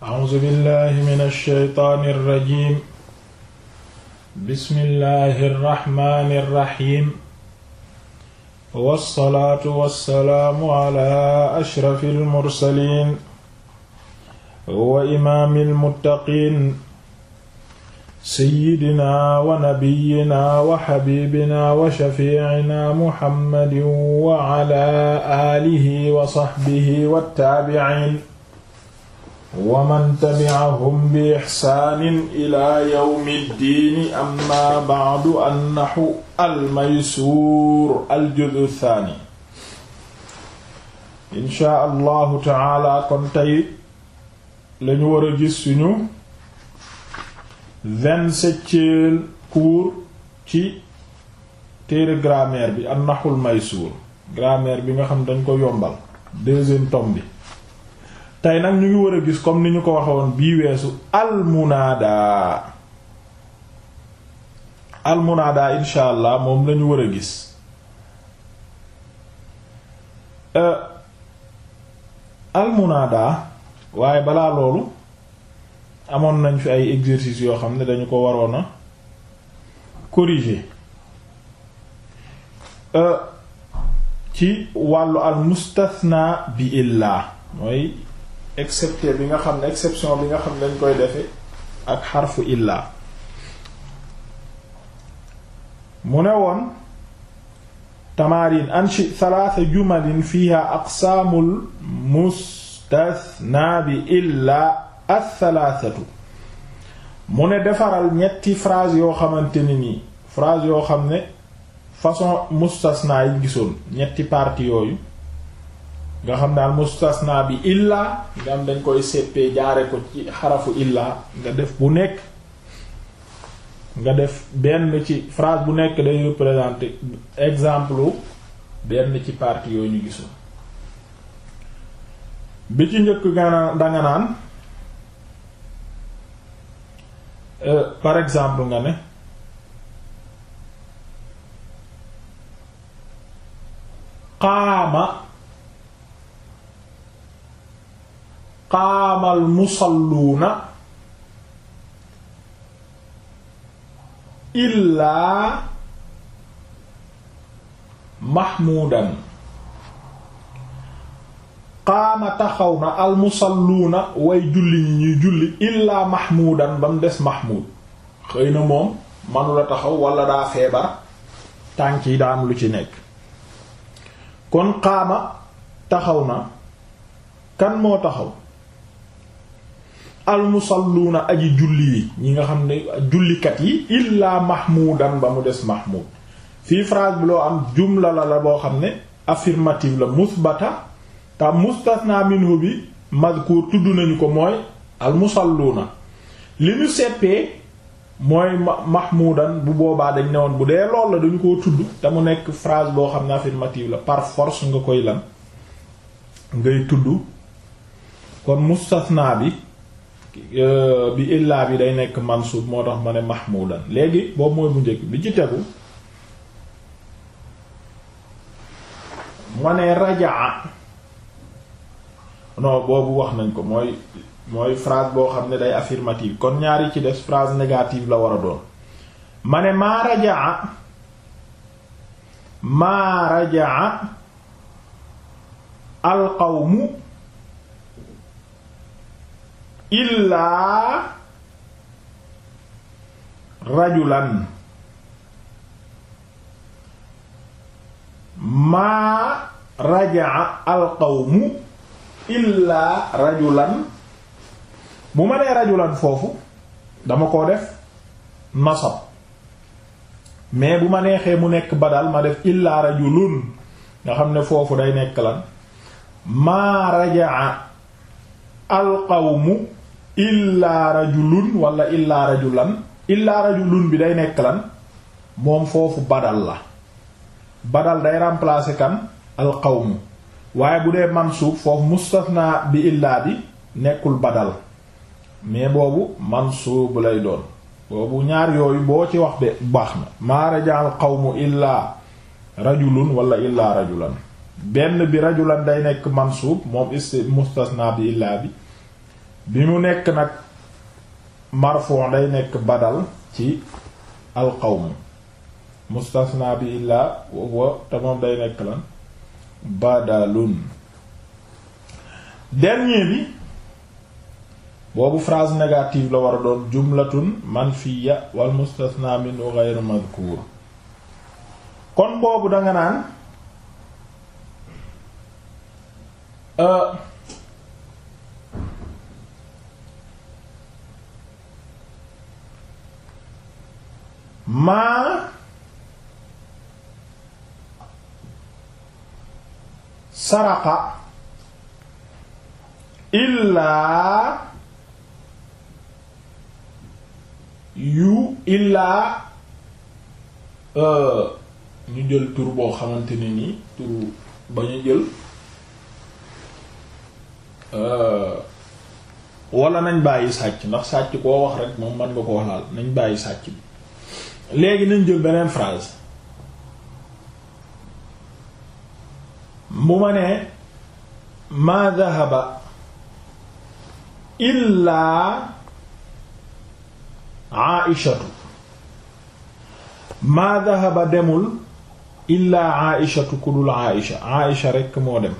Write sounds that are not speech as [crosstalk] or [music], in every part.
a'uuzu billahi mina shaytaani rajiim bismillahi rahmaani rahiim wassalaatu wassalaamu ala ashrafil mursaliin wa imaamil muttaqiin sayyidinaa wa nabiyyinaa wa habiibinaa wa shafiicinaa muhammadin wa ala aalihi wa sahbihi wa taabiciin wa man tabi'ahum bi ixsaanin ila yawmi ddiini amma ba'du annahu almaysuur aljuzu thaani inshaa allahu taala kon lañu war a gis suñu vingt-septième cours ci téere grammaire bi annahu almaysuur grammaire bi nga xam dañ ko yombal deuxième bi tey nag ñu ngi war a gis comme ni ñu ko waxoon bii weesu almunaada almunaada insha allah moom lañu war a gis euh, almunaada waaye balaa loolu amoon nañ fi ay exercice yoo xam ne dañu ko waroon a corriger euh, ci wàllu al mustasna bi illaa mooy excepté bi nga xam ne exception bi nga xam ne lañ koy defe ak xarfu illa mu ne woon tamarin anshi thalatha jumalin ak saamul mustasna bi illaa athalaathatu mu ne defaral ñetti frase yoo xamante ni nii phrase yoo xam ne façon mustasna yi gisoon ñetti partie yooyu nga xam daal mustasna bi illa nga am dañ koy seppee jaare ko ci xarafu illa nga def bu nekk nga def benn ci phrase bu nekk day représenter exemple benn ci partie yooyu ñu gisul bi ci njëkk nga danga naan euh, par exemple nga ne qaama qaamal musalluuna illaa mahmuudan qaama taxaw na almusalluuna way julli ñi ñuy julli illaa mahmuudan ba mu des mahmuud xëy na moom manula taxaw wala daa feebar tànk yi daan lu ci nekk kon qaama taxaw na kan moo taxaw almusalluuna aji julli yi ñi nga xam ne jullikat yi illaa mahmuudan ba mu des mahmuud fii phrase bi loo am jumla la la boo xam ne affirmative la musbata te mustasna minhu bi mazkur tudd nañu ko mooy almusalluuna li ñu seppee mooy mahmudan bu boobaa dañ ne woon bu dee lool la dañu koo tudd te mu nekk phrase boo xam ne affirmative la par force nga koy lan ngay tudd kon mustasna bi Euh, bi illaa bi day nekk mansuub moo tax ma ne mahmudan léegi boobu mooy bu njëkk bi ci tegu ma ne rajaa non boobu wax nañ ko mooy mooy phrase boo xam ne day affirmative kon ñaari ci des phrase negative la war a doon ma ne maa rajaa maa rajaa al illaa rajulan maa rajaa alqawmu illaa rajulan bu ma nee rajulan foofu dama koo def nasab mais bu ma neexee mu nekk badal ma def illaa rajulun nga xam ne foofu day nekk lan maa rajaa alqawmu illaa rajulun wala illaa rajulan illaa rajulun bi day nekk lan moom foofu badal la badal day remplacer kan alqawmu waaye bu dee mansuub foofu mustasna bi illaa bi nekkul badal mais boobu mansuub lay doon boobu ñaar yooyu boo ci wax de baax na maa rajaal qawmu illaa rajulun wala illaa rajulan benn bi rajulan day nekk mansuub moom isti mustasna bi illaa bi bi mu nekk nag marfon day nekk badal ci alqawm mustasna bi illaa wa te day nekk lan badalun dernier bi boobu phrase négative la war a doon jumlatun manfiya wal mustasna minhu ghayr madhkur kon boobu danga naan euh, maa saraqa illaa yu illaa euh, ñu jël tur boo xamante ne nii tur ba ñu jël euh, wala nañ bàyyi sàcc ndax sàcc koo wax rek moom mën nga ko waxlaal nañ bàyyi sàcc bi léegi nañ jël beneen phrase mu ma ne ma dhahaba illaa aishatu ma dhahaba demul illaa aishatu ku dul aisha aisha moo dem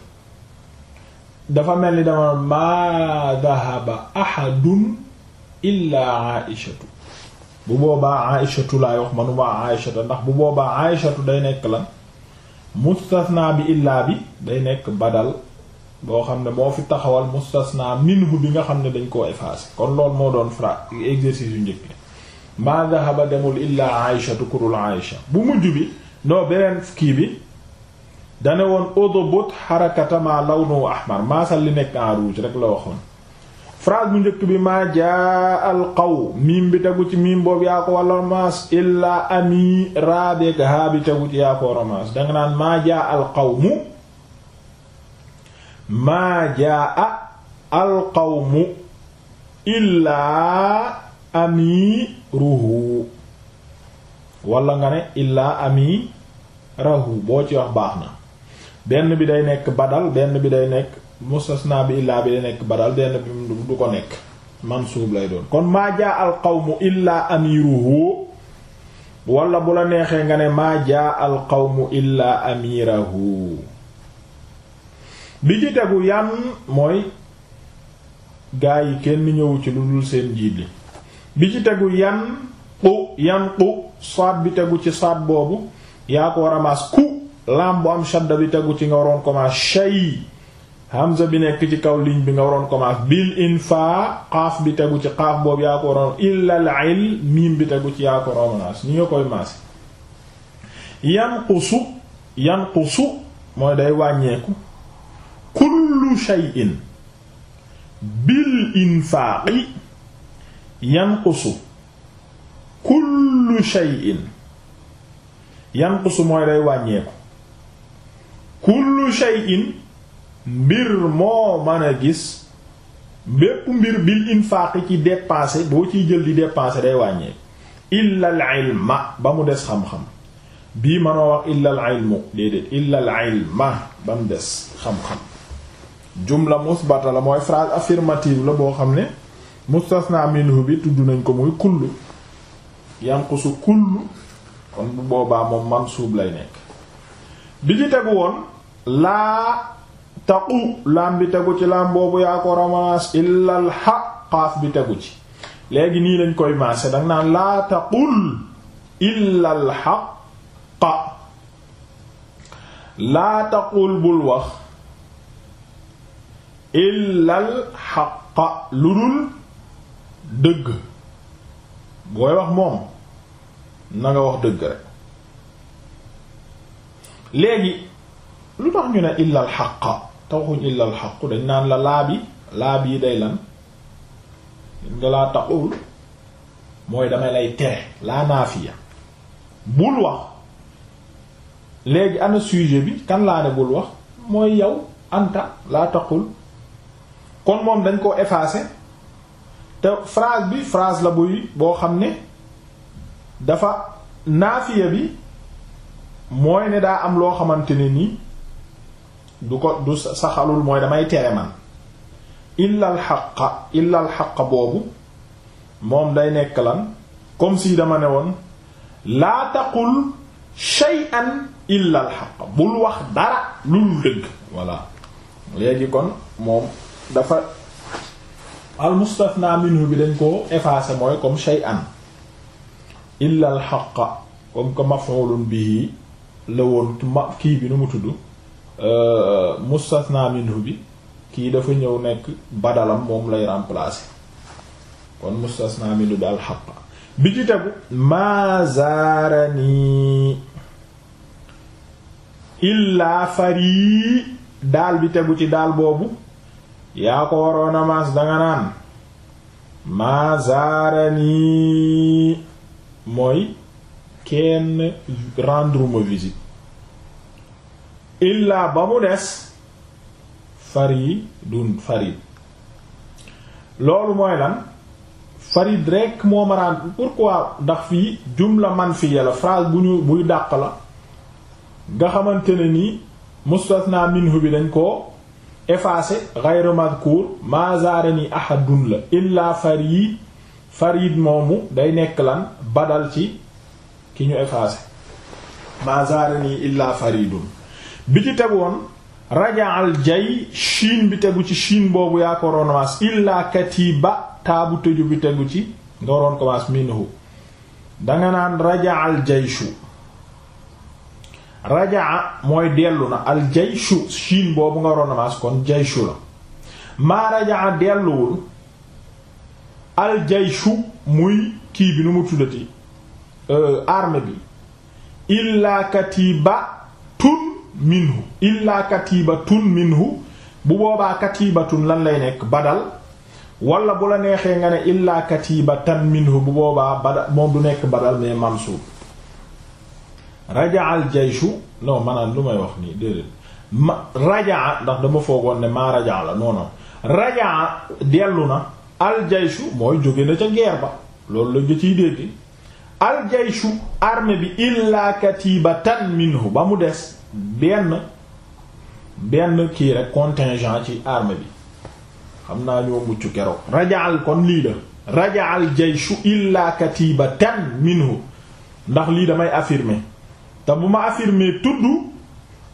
dafa mel ni dama ma dhahaba ahadun illaa aishatu bu boobaa aïshatu laay wax manumaa aïshata ndax bu boobaa aïshatu day nekk lan mustasna bi illaa bi day nekk badal boo xam ne moo fi taxawal mustasna minhu bi nga xam ne dañ koo effacé kon loolu moo doon fra exercice yu njëkk maa dhahaba demul illaa aïshatu kurul aïsha bu mujj bi noo beneen kii bi dane woon odobot xarakatama law nu ahmar maasal li nekk en rouge rek la waxoon phrase bu njëkk bi maa jaa miim bi tegu ci miim boobu yaa ko walla romaas illaa ami raabeek haa tegu ci yaa ko romaas danga naan maa jaa al qawmu maa jaa al qawmu illaa walla nga ne illaa amirahu boo ci wax baax na benn bi day nekk badal benn bi day nekk naa bi illaa bi da nekk badal denn bi du ko nekk mansuub lay doon kon maa jaa al qawmu illaa amiruhu wala bu la neexee nga ne maa jaa al qawmu illaa amirahu bi ci tegu yan mooy gaa yi kenn ñëwu ci lu dul seen njiit li bi ci tegu yan qu yan qu saat bi tegu ci saat boobu yaa ko war a maas ku laam bu am shadda bi tegu ci nga waroon ko maas shay Hamza bi nekk ci kaw ligne bi nga waroon commence bil infaa xaaf bi tegu ci xaaf boobu yaa ko waroon illal il miim bi tegu ci yaa ko waroon maas ni nga koy maas yanqusu yanqusu mooy day wàññeeku kullu shay'in bil infaaqi mbir moo mën a gis bépp mbir bil infaaqi ci dépensé boo ciy jël di dépensé day wàññee illa al ba mu des xam-xam bii mënoo wax illa al déedéet illa al ba mu des xam-xam jumla musbata la mooy phrase affirmative la boo xam ne mustasna minhu bi tudd nañ ko muy kullu yanqusu kullu kon bu boobaa moom mansuub lay nekk bi ci tegu woon laa taqu laam bi tegu ci laam boobu yaa ko ramanaas illa al bi tegu ci léegi nii lañ koy maase danga naan laa taqul illa al laa taqul bul wax illa al haqqa lu dul dëgg booy wax moom na wax dëgg rek léegi lu tax ñu ne illa al taxuñ illal xaqu dañ naan la laabi laab yi day lan nga laa taxul mooy damay lay tere laa naafiya bul wax léegi ana sujet bi kan laa ne bul wax mooy yow anta laa taxul kon moom dañ koo effacer te phrase bi phrase la buy boo xam ne dafa naafiya bi mooy ne daa am loo xamante ne nii du ko du saxalul mooy damay tere man illal xaqa illal xaqa boobu moom day nekk lan comme si dama ne woon laa taqul shay'an illal xaqa bul wax dara lul dëgg voilà léegi kon moom dafa al mustafna bi dañ koo effacé mooy comme shay'an illal xaqa comme que maf'ulun la woon kii bi nu mu tudd Euh, mustasna minhu bi kii dafa ñëw nekk badalam moom lay remplacer kon mustasna minhu bi alxaq bi ci tegu maa zaarani illaa farii daal bi tegu ci daal boobu yaa ko waroon a maas danga naan maa mooy kenn rendre ma illaa ba mu des faridun farid loolu mooy lan farid rek moo maraan pourquoi ndax fii jumla man fi yàlla phrase bu ñu buy dàq la nga xamante ne nii mustasna minhu bi dañ ko effacé ghayr madhkur ma zarani ahadun la illaa farid farid moomu day nekk lan badal ci ki ñu effacé ma zarani illaa faridun bi ci teg woon raja al jay shiin bi tegu ci shiin boobu yaa ko waroon maas illaa katiba taabu tëju bi tegu ci nga waroon ko maas danga naan raja al jayshu rajaa mooy dellu na al jayshu shiin boobu nga waroon maas kon jayshu la maa rajaa delluwul al jayshu muy kii bi nu mu tuddati euh, armée bi illaa katiba minhu illaa katibatun minhu bu boobaa katibatun lan lay nekk badal walla bu la neexee nga ne illaa katibatan minhu bu boobaa badal moom du nekk badal mais mansuub rajaa al jayshu non lu may wax nii déedéet rajaa ndax dama foogoon ne maa rajaa la noonu non rajaa dellu na al jayshu mooy jóge na ca guerre ba loolu la nga ciy dégg al jayshu armée bi illaa minhu ba mu des benn benn kii rek contingent ci armée bi xam naa ñoo mucc keroog rajaal kon lii la rajaal jayshu ba katibatan minhu ndax lii damay affirmer te bu ma affirmer tudd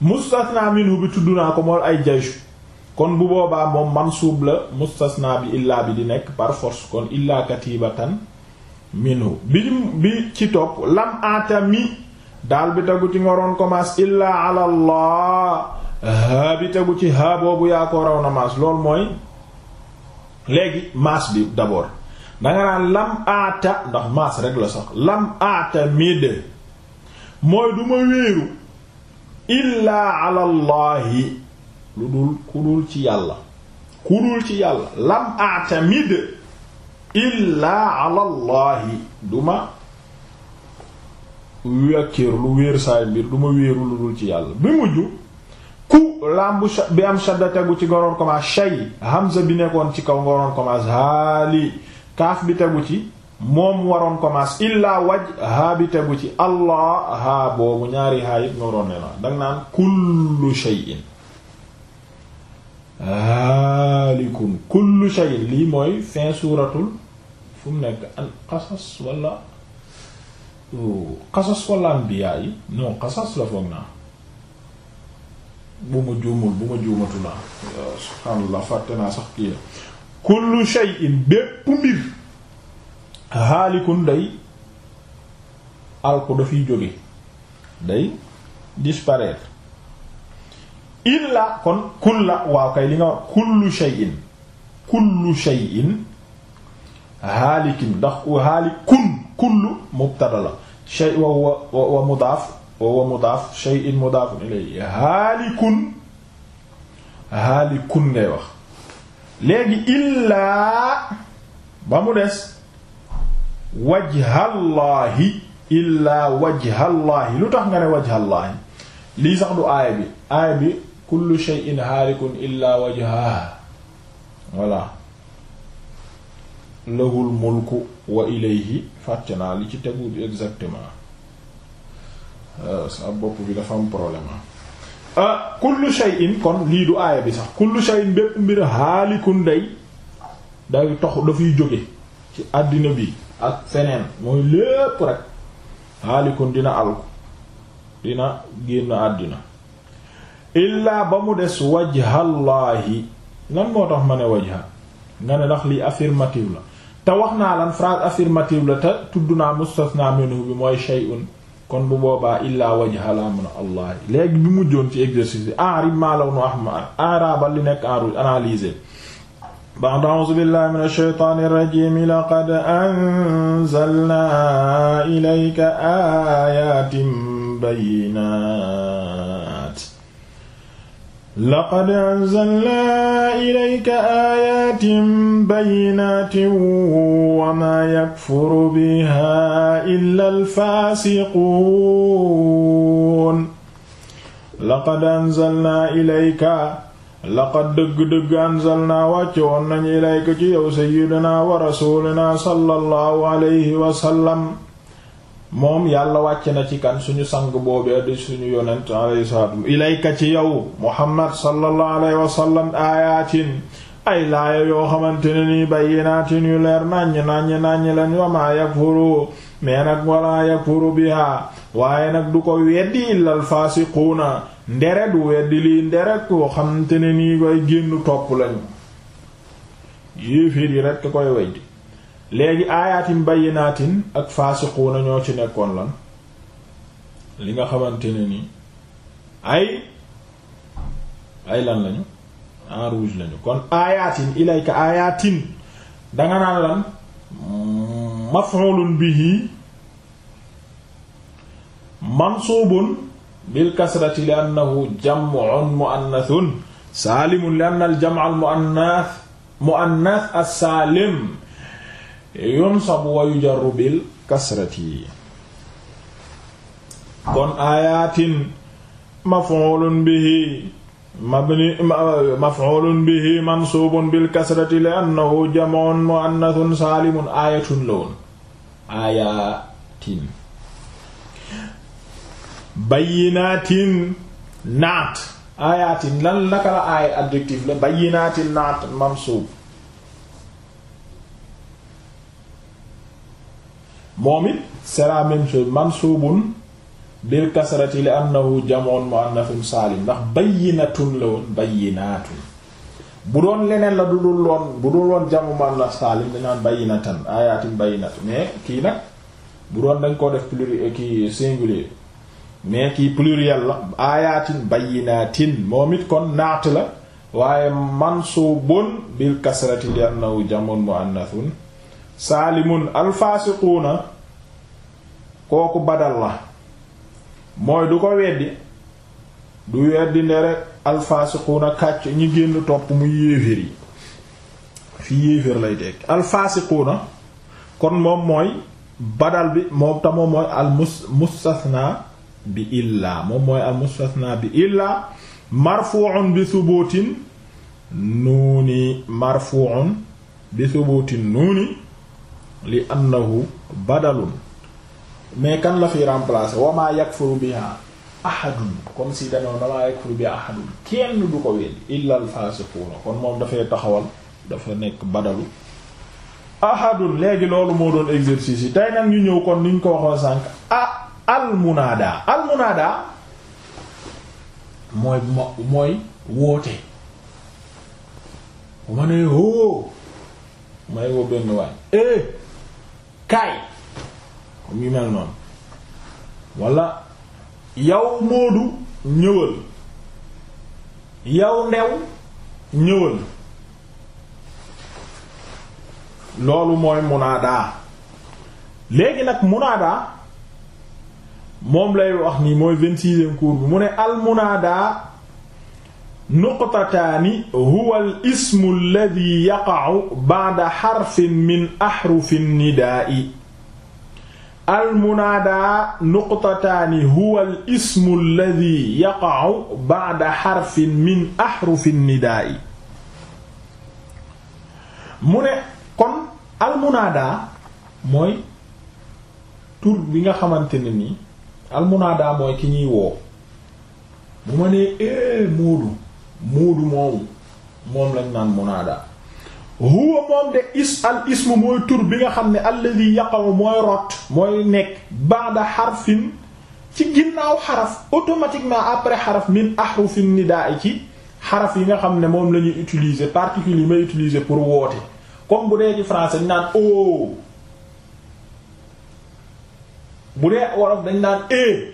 mustasna minhu bi tudd naa ko mool ay jayshu kon bu boobaa moom mansuub la mustasna bi illa bi di nekk par force kon illa katibatan minhu bi ci topp lam atami daal bi tegu ci ngoroon ko maas illaa ala allah haa bi tegu ci haa boobu yaa ko raw na maas loolu mooy léegi maas bi d'abord danga naan lam aata ndax maas rek la sax lam aata mid mooy du wéeru illaa ala lu dul ku dul ci yàlla ku dul ci yàlla lam aata mid illaa ala allahi wékkeeru lu wéer saay mbir du ma wéeru lu dul ci yàlla bi mujj ku lambu bi am shadda tegu ci ngoroon commence shay hamza bi nekkoon ci kaw ngoroon commence haali kaaf bi tegu ci moom waroon commence illaa waj haa bi tegu ci allah haa boobu ñaari haa yit ngoroon ne na danga naan kullu shay'in haalikun kullu shay'in lii mooy fin suuratul fu mu nekk al qasas wala xasas wala anbiya yi non la foog naa bu ma juumul naa subhaanallah fàtte naa sax kii la kullu shay'in bépp mbir haalikun day alko dafiy jóge day disparaître illa kon kulla waaw kay li nga wax kullu shay'in kullu shay'in ndax haalikun kullu mubtada la shay wa huwa wa mudaaf wa huwa mudaaf shay'in mudaafun ilayhi haalikun haalikun ngay wax léegi illaa ba mu des wajhallaahi illaa wajhallaahi lu tax nga ne wajhallaahi lii sax du aaya bi aaya bi kullu shay'in haalikun illaa wajhahu voilà lahul mulku wa ilayhi fàtte naa li ci tegu exactement euh, sa bopp bi dafa am problème ah kullu shay'in kon lii du aaya bi sax kullu shay'in bépp mbir haalikun day day tox dafay jóge ci àddina bi ak feneen mooy lépp rek haalikun dina alku dina génn àddina illaa ba mu des wajhallaahi lan moo tax ma ne wajha nga ne dax lii affirmative la te wax naa la te tudd naa mustasna minhu bi mooy shay'un kon bu boobaa illaa wajha allah léegi bi mujjoon ci exercice bi enrib maalaw nu ahmar enrabal li nekk en rouge analyser ba'd a'uuzu billahi min ash-shaytaani rajiim laqad anzalnaa ilayka laqad anzalnaa ilayka aayaatin bayyinaatin wa maa yakfuru bihaa illaa alfaasiquun laqad anzalnaa ilayka laqad dëgg-dëgg anzalnaa wàcce woon nañu ilayka ci yow sayyidinaa wa rasuulinaa sallallaahu alayhi wa sallam moom yàlla wàcc na ci kan suñu sang boobee di suñu yonent alayhi salaatu ilayka ci yow muhammad sallallahu alayhi wa sallam aayaatin ay laaya yoo xamante ne nii bayyinaatin yu leer nàññ nàññ nàññ lañ wa maa yakfuru mais nag walaa yakfuru biha waaye nag du ko weddi illal faasiquuna ndere du weddi lii ndere koo xamante ne nii koy génn topp lañu yéeféer yi rekk koy weddi léegi aayaatin bayyinaatin ak faasiquuna ñoo ci nekkoon lan li nga xamante ne ni ay ay lan lañu en rouge lañu kon aayaatin ilayka aayaatin danga naan lan maf'ulun bihi mansuubun bil kasrati li annahu jam'un mu'annathun saalimun li anna al jam'a al mu'annath mu'annath as-saalim yunsabu wa yujarru bil kasrati kon ayatin maf'ulun bihi mabni maf'ulun bihi bil kasrati li annahu jam'un mu'annathun saalimun ayatun lawoon ayatin bayyinatin naat ayatin lan naka la aaya adjectif la naat mansub moom it c'est la même chose mansuubun bil kasrati li annahu jamoon muannafun saalim ndax bayyinatun la woon bayyinaatun bu doon leneen la du dul loon bu dul loon jamu muannaf saalim dañaan bayyinatan ayatin bayyinatun mais kii nag bu doon dañ koo def pluriel kii singulier mais kii pluriel la ayatin bayyinatin moom it kon naat la waaye mansuubun bil kasrati li annahu jamoon muannafun saalimun alfaasiquuna kooku badal la mooy du ko weddi du weddi ndere alfaasiquuna kàcc ñi génn topp mu yéeféer yi fi yéeféer lay tekki alfaasiquuna kon moom mooy badal bi moom ta moom mooy al mustasna bi illaa moom mooy al bi illaa marfu'un bi subuutin nuuni marfu'un bi subuutin nuuni li annahu badalun mais kan la fi remplacer wa ma yakfuru biha ahadun si danoon damaa yakfuru biha ahadun kenn du ko weddi illa al fasiquna kon moom dafay taxawal dafa nekk badalu ahadun léegi loolu moo doon exercice yi tey nag ñu ñëw kon ni ñu ko waxoon sànq ah almunada almunada mooy mooy woote bu ma hoo oh. may woo benn waay eh. kaay comme yu mel noonu wala yow Moodu ñëwal yow Ndew ñëwal loolu mooy munaadaa léegi nag munaadaa moom lay wax ni mooy vingt-sixième cours bi mu ne al nuqtataani huwa al ismu alladi yaqacu bacda xarfin min axrufi nidaai almunaadaa nuqtataani huwa al ismu alladi yaqacu bacda xarfin min axrufi nidaai mu ne kon almunaadaa mooy tur bi nga xamante ne nii almunaadaa mooy ki ñuy woo bu ma nee eh, Moodu muudu moomu moom lañ naan munaada huwa moom de is al ismu mooy tur bi nga xam ne alladhi yaqaw mooy rot mooy nekk ba'da xarfin ci ginnaaw xaraf automatiquement après xaraf min ahrufin nidaa i ci xaraf yi nga xam ne moom la ñuy utiliser particulier yi may utiliser pour woote comme bu dee ci français dañ naan o bu dee wolof dañ naan e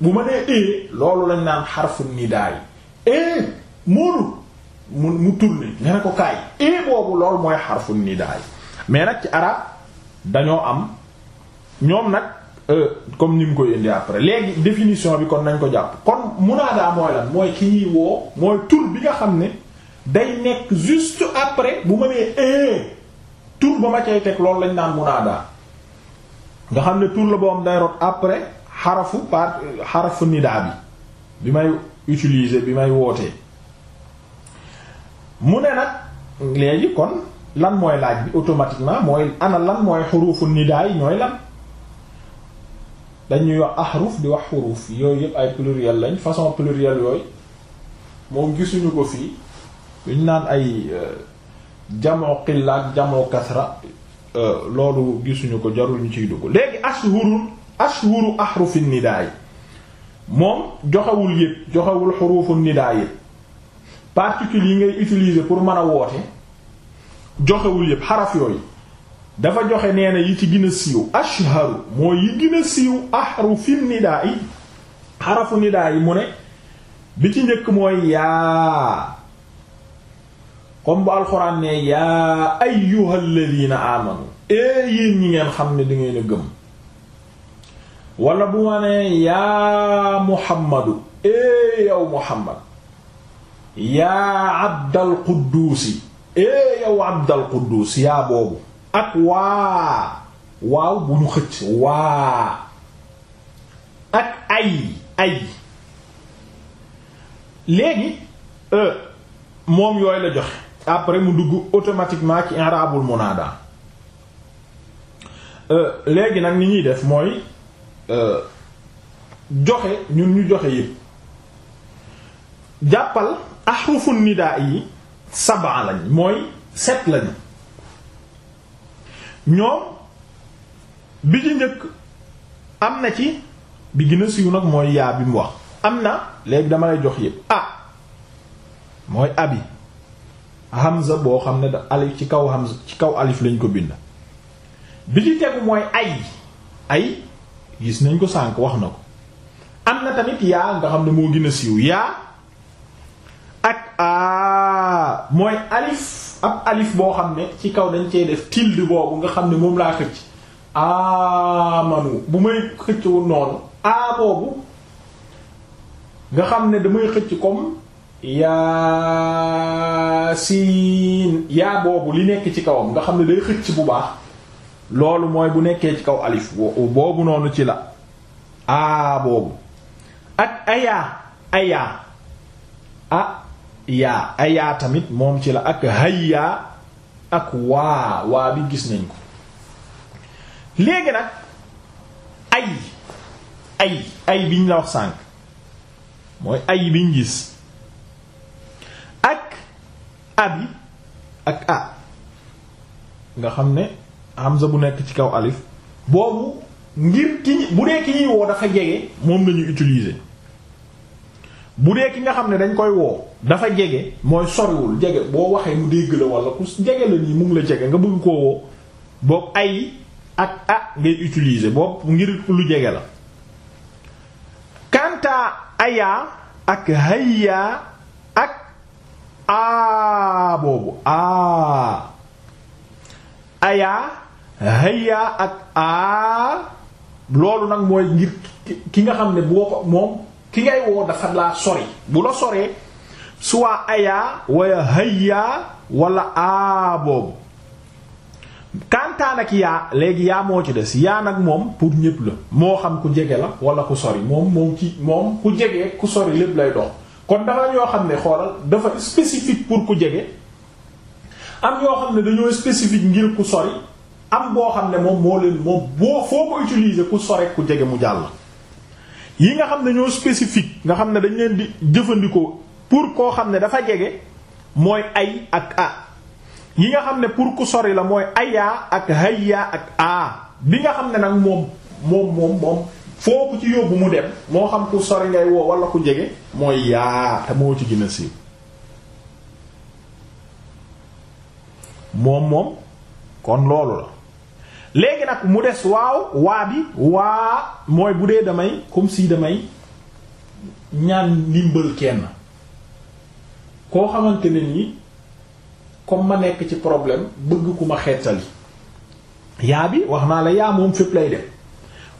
bu ma nee e loolu lañ naan xarfu nidaa yi e Moodu mu mu tourné nga ne ko kaay ee boobu lool mooy xarfu nidaay mais nag ci arab dañoo am ñoom nag euh, comme ni mu koy indi après léegi définition bi kon nañ ko jàpp kon munaadaa mooy lan mooy ki woo mooy tur bi nga xam ne day nekk juste après bu ma nee ee tur ba ma cay teg loolu lañ naan munaadaa nga xam ne tur la boo am day rot après xarafu par xarafu nidaa bi bi may utiliser bi may wootee mu ne nag léegi kon lan mooy laaj bi automatiquement mooy ana lan mooy xuruufu nidaa yi ñooy lan dañuy wax ahruf di wax xuruuf yooyu yëpp ay pluriel lañ façon pluriel yooyu moom gisuñu ko fii luñ naan ay euh, jamoo xillaak jamoo kasra euh, loolu gisuñu ko jarul ñu ciy dugg léegi ashurul ashuru ahrufi nidaa yi moom joxewul yëpp joxewul xuruufu nidaa yëpp particules yi ngay utiliser pour mën a woote joxewul yépp xaraf yooyu dafa joxe nee na yi ci gën siiw ashharu mooy yi gën siiw ahrufi nidaa yi xarafu nidaa yi mu ne bi ci njëkk mooy yaa comme bu alxuraan ne yaa ayyuhal ladina amanu ee yéen ñi ngeen xam ne di ngeen a gëm wala bu ma nee yaa muhammadu ee yow muhammad yaa abdal qudduusi ee eh, yow abdal qudduus yaa boobu ak waa waaw bu ñu xëcc waa ak ay ay léegi euh, moom yooyu la joxe après mu dugg automatiquement ci i'rabul munada euh, léegi nag ni ñuy def mooy euh, joxe ñun ñu joxe yépp jàppal ahrufu nidaa yi sab'a lañ mooy sept lañu ñoom bi am na ci bi gën nag mooy yaa bi mu wax am na léegi dama jox yépp ah mooy abi hamza boo xam ne da alif ci kaw hamza ci kaw alif lañ ko bind bi ci tegu mooy ay ay gis nañ ko sànk wax na ko am na tamit yaa nga xam ne moo gën a siiw yaa aa ah, mooy alif ab alif boo xam ne ci kaw dañ cee def tilde boobu nga xam ne moom laa xëcc amanu ah, bu may xëcc noonu aa ah, boobu nga xam ne damay xëcc comme yaa siin yaa boobu li nekk ci kawam nga xam ne day xëcc bu baax loolu mooy bu nekkee ci kaw alif boobu noonu ci la aa boobu ak ayaa ayaa ah yaa ayaa tamit moom ci la ak hayyaa ak waa waa bi gis nañ ko léegi nag ay ay ay biñ la wax sànq mooy ay biñ gis ak abi ak a nga xam ne hamza bu nekk ci kaw alif boobu ngir ki bu dee ki ñuy woo dafa jege moom lañuy utiliser bu dee ki nga xam ne dañ koy woo dafa jege mooy soriwul jege boo waxee mu dégg la wala ku jege la nii mu la jege nga bëgg koo woo boobu ak ah ngay ngir lu la kanta ayaa ak ak aa boobu ak aa loolu nag mooy ngir ki nga xam ne boo ko moom ki ngay woo dafa laa sori bu la soree soit ayaa waya hayyaa wala aa boobu kantaan ak yaa léegi yaa moo ci des yaa nag moom pour ñépp la moo xam ku jege la wala ku sori moom moom ci moom ku jege ku sori lépp lay dox kon dafa yoo xam ne xoolal dafa spécifique pour ku jege am yoo xam ne dañoo spécifique ngir ku sori am boo xam ne moom moo leen moom boo foo ko utiliser ku sori ku jege mu jàll yi nga xam ne ñoo spécifique nga xam ne dañ leen di jëfandikoo pour koo xam ne dafa jege mooy ay ak a yi nga xam ne pour ku sori la mooy ayaa ak hayya ak a bi nga xam ne nag moom moom moom moom foo ci yóbbu mu dem moo xam ku sori ngay woo wala ku jege mooy yaa te moo ci gën a siiw moom moom kon loolu la léegi nag mu des waaw waa bi waa mooy bu dee damay comme si damay ñaan ndimbal kenn koo xamante ne nii comme ma nekk ci problème bëgg ku ma xeetali yaa bi wax naa la yaa moom fépp lay dem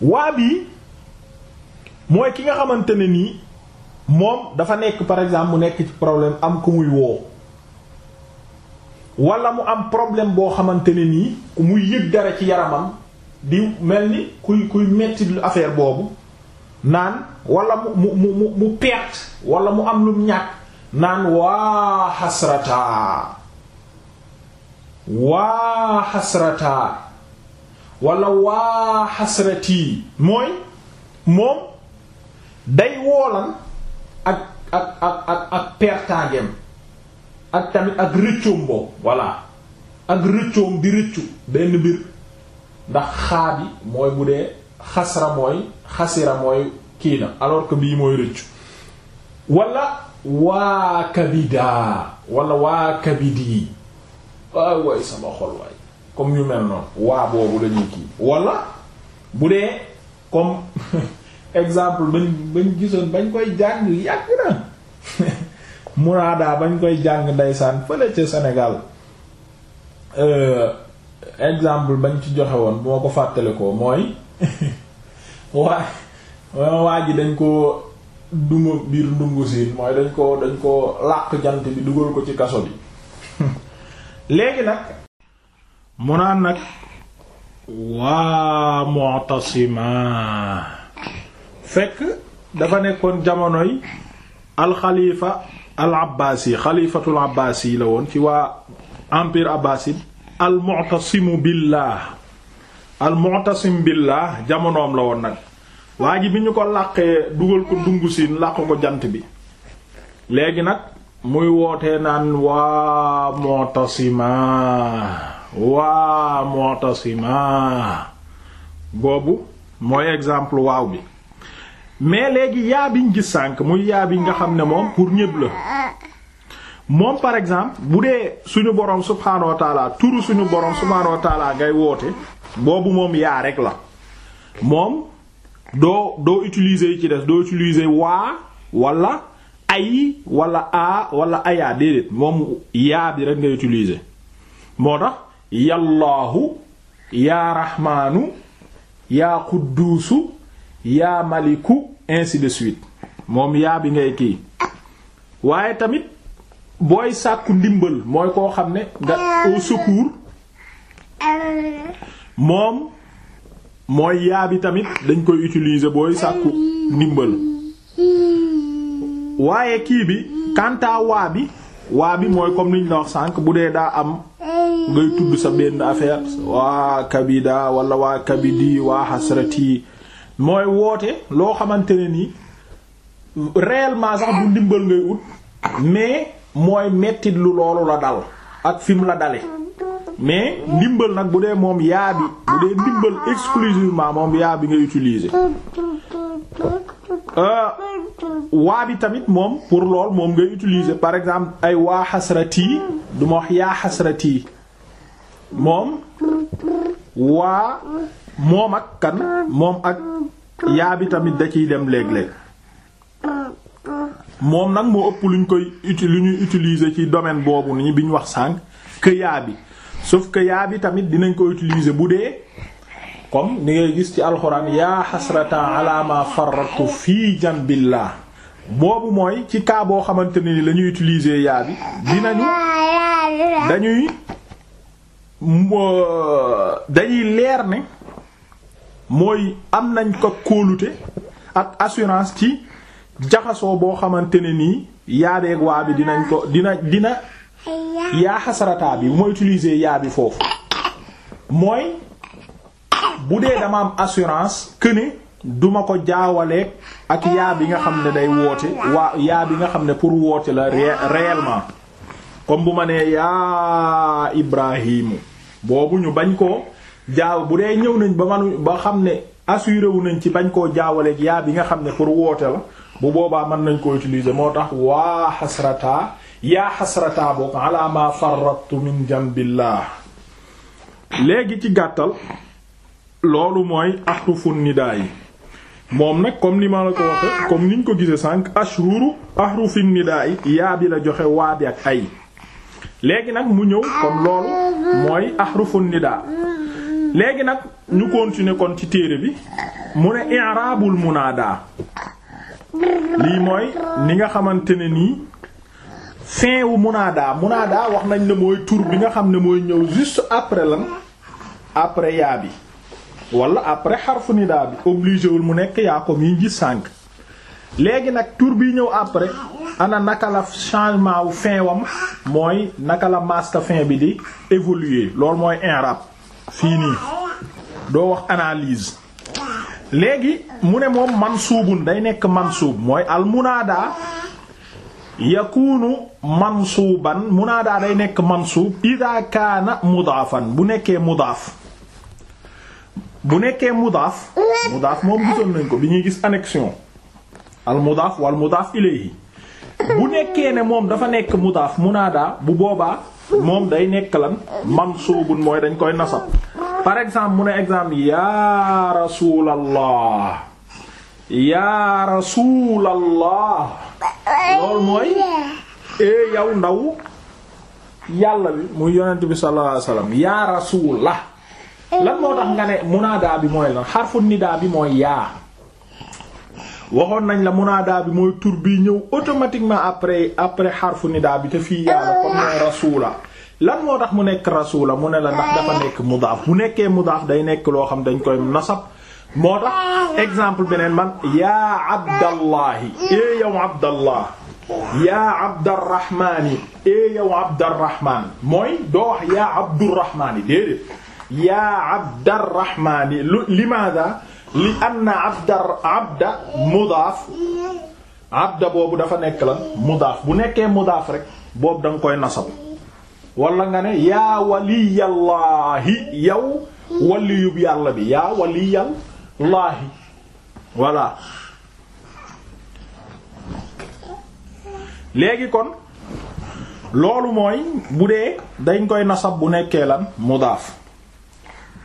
waa bi mooy ki nga xamante ne nii moom dafa nekk par exemple mu nekk ci problème am ku muy woo wala mu am problème boo xamante ne nii ku muy yëg dara ci yaramam di mel ni kuy kuy metti lu affaire boobu naan wala mu mu mu mu perte wala mu am lu ñàkk naan waa xasrataa waa xasrataa wala waa xasratii mooy moom day woolan ak ak ak ak ak pertagem ak tamit ak rëccoom boobu voilà ak rëccoom di rëccu benn mbir ndax xaabi mooy bu dee xasra mooy xasira mooy kii na alors bii mooy rëccu wala waa kabida walla waa kabidi waay waay sama xol waay comme ñu mel noonu waa boobu la kii wala bu dee comme [laughs] exemple bañ bañ gisoon bañ koy jàng yàgg na [laughs] munaadaa bañ koy jàng ndeysaan fële ca senegal euh, exemple bañ ci joxe woon bu ma ko fàttale ko mooy [laughs] waa waa ji dañ ko duma biir ndungu siin mooy dañ ko dañ ko làq jant bi dugal ko ci kaso bi [laughs] léegi nag mu naan nag waa Mu'tasima fekk dafa nekkoon jamonoy alxalifa al abbaasi xalifatul abbaasi la woon ci waa empire abbaasi al mu'tasimu billah al mu'tasim billah jamonoom la woon nag waa ji bi ñu ko làqee dugal ko dungu siin ko jant bi léegi nag muy wootee naan waa Mu'tasima waa Mu'tasima boobu mooy exemple waaw bi mais léegi yaa biñ gis sànq muy yaa nga xam ne moom pour ñépp la moom par exemple bu dee suñu borom subhaanahu wa taala turu suñu borom subhaanahu wa ngay woote boobu moom yaa rek la moom doo doo utiliser yi ci des doo utiliser waa wala ay walla a walla ayaa déedéet moom yaa bi rek ngay utiliser moo tax yallaahu yaa rahmaanu yaa qudduusu yaa maliku ainsi de suite moom yaa ngay kii waaye tamit booy sàkku ndimbal mooy koo xam ne nga au secours moom mooy yaa bi tamit dañ koy utiliser booy sàkku ndimbal waaye kii bi kanta waa bi waa bi mooy comme niñ la wax sànq bu dee daa am ngay tudd sa benn affaire waa kabida wala waa kabidi waa hasrati mooy woote loo xamante ne ni réellement sax du ndimbal ngay ut mais mooy mettit lu loolu la dal ak fi mu la dale mais ndimbal nag bu dee moom yaa bu dee ndimbal exclusivement moom yaa bi nga utiliser euh, waa bi tamit moom pour lool moom ngay utiliser par exemple ay waa xasrati du ma wax yaa xasrati moom waa moom ak kan moom ak yaa bi tamit da ciy dem léeg-léeg moom nag moo ëpp lu luñ koy uti lu ñuy utiliser ci domaine boobu ni bi ñu wax sànq que yaa bi sauf que yaa bi tamit dinañ ko utiliser bu dee comme ni ngay gis ci alxuraan yaa xasrata ala ma farratu fii janbillah boobu mooy ci cas boo xamante ne ni la ñuy utiliser yaa bi dinañu dañuy leer ne mooy am nañ ko kóolute ak assurance ci jaxasoo boo xamante ne nii yaabeeg waa bi dinañ ko dina dina yaa xasarataa bi bu ma utiliser yaa bi foofu mooy bu dee dama am assurance que duma ko jaawaleeg ak yaa bi nga xam ne day woote waa yaa bi nga xam ne pour woote la réellement comme bu ma nee yaa Ibrahimu boobu ñu bañ koo jaaw bu dee ñëw nañ ba manu ba xam ne assuré wu nañ ci bañ koo jaawaleeg yaa bi nga xam ne pour woote la bu boobaa mën nañ koo utiliser moo tax waa xasrataa yaa xasrataa boog ala léegi ci gàttal loolu mooy ahrufun nidaa yi moom nag comme ni ma la ko waxe comme niñ ko gisee sànq ashhuru ahrufin nidaa yi yaa bi la joxe waa bi ak ay léegi nag mu ñëw kon loolu mooy ahrufun nidaa léegi nag ñu continuer kon ci téere bi mu ne i'rabul munaadaa lii mooy ni nga xamante ne nii fin wu munaada munaada wax nañ ne mooy tur bi nga xam ne mooy ñëw juste après lan après yaa bi wala après xarfu nidaa bi obligé wul mu nekk yaa ko mi gis sànq léegi nag tur bi ñëw après ana naka la changement wu fin wam mooy naka la master fin bi di évoluer loolu mooy i'rab fii nii doo wax analise léegi mu ne moom mansuubun day nekk mansuub mooy almunaada yakunu mansuuban munaadaa day nekk mansuub ida kaana mudaafan bu nekkee mudaaf bu nekkee mudaaf mudaaf moom gisoon nañ ko bi ñuy gis annexion al mudaaf wal mudaaf ilayhi bu nekkee ne moom dafa nekk mudaaf munaadaa bu boobaa moom day nekk lan mansuubun mooy dañ koy nasab par exemple mu ne exemple yaa rasuulallah yaa rasuulallah loolu mooy ee yow ndaw yàlla bi muy yonent bi sallallahu alayhi wasallam yaa rasuulallah lan moo tax nga ne munaadaa bi mooy lan xarfu nidaa bi mooy yaa waxoon nañ la munaadaa bi mooy tur bii ñëw automatiquement après après xarfu nidaa bi te fii yàlla comme mooy rasuula lan moo tax mu nekk rasuula mu ne la ndax dafa nekk mudaaf bu nekkee mudaaf day nekk loo xam dañ koy nasab moo tax exemple beneen man yaa abdallahi e yow abdallah yaa abdarrahmaani e yow abdarrahmaan mooy doo wax yaa abdurrahmaani déedéet yaa abdarrahmaani lu limaada li anna abda abda mudaaf abda boobu dafa nekk la mudaaf bu nekkee mudaaf rek boobu da nga koy nasab wala nga ne yaa waliyallaahi yow waliyub yàlla bi yaa waliyal laahi voilà léegi kon loolu mooy bu dee dañ koy nasab bu nekkee lan mudaaf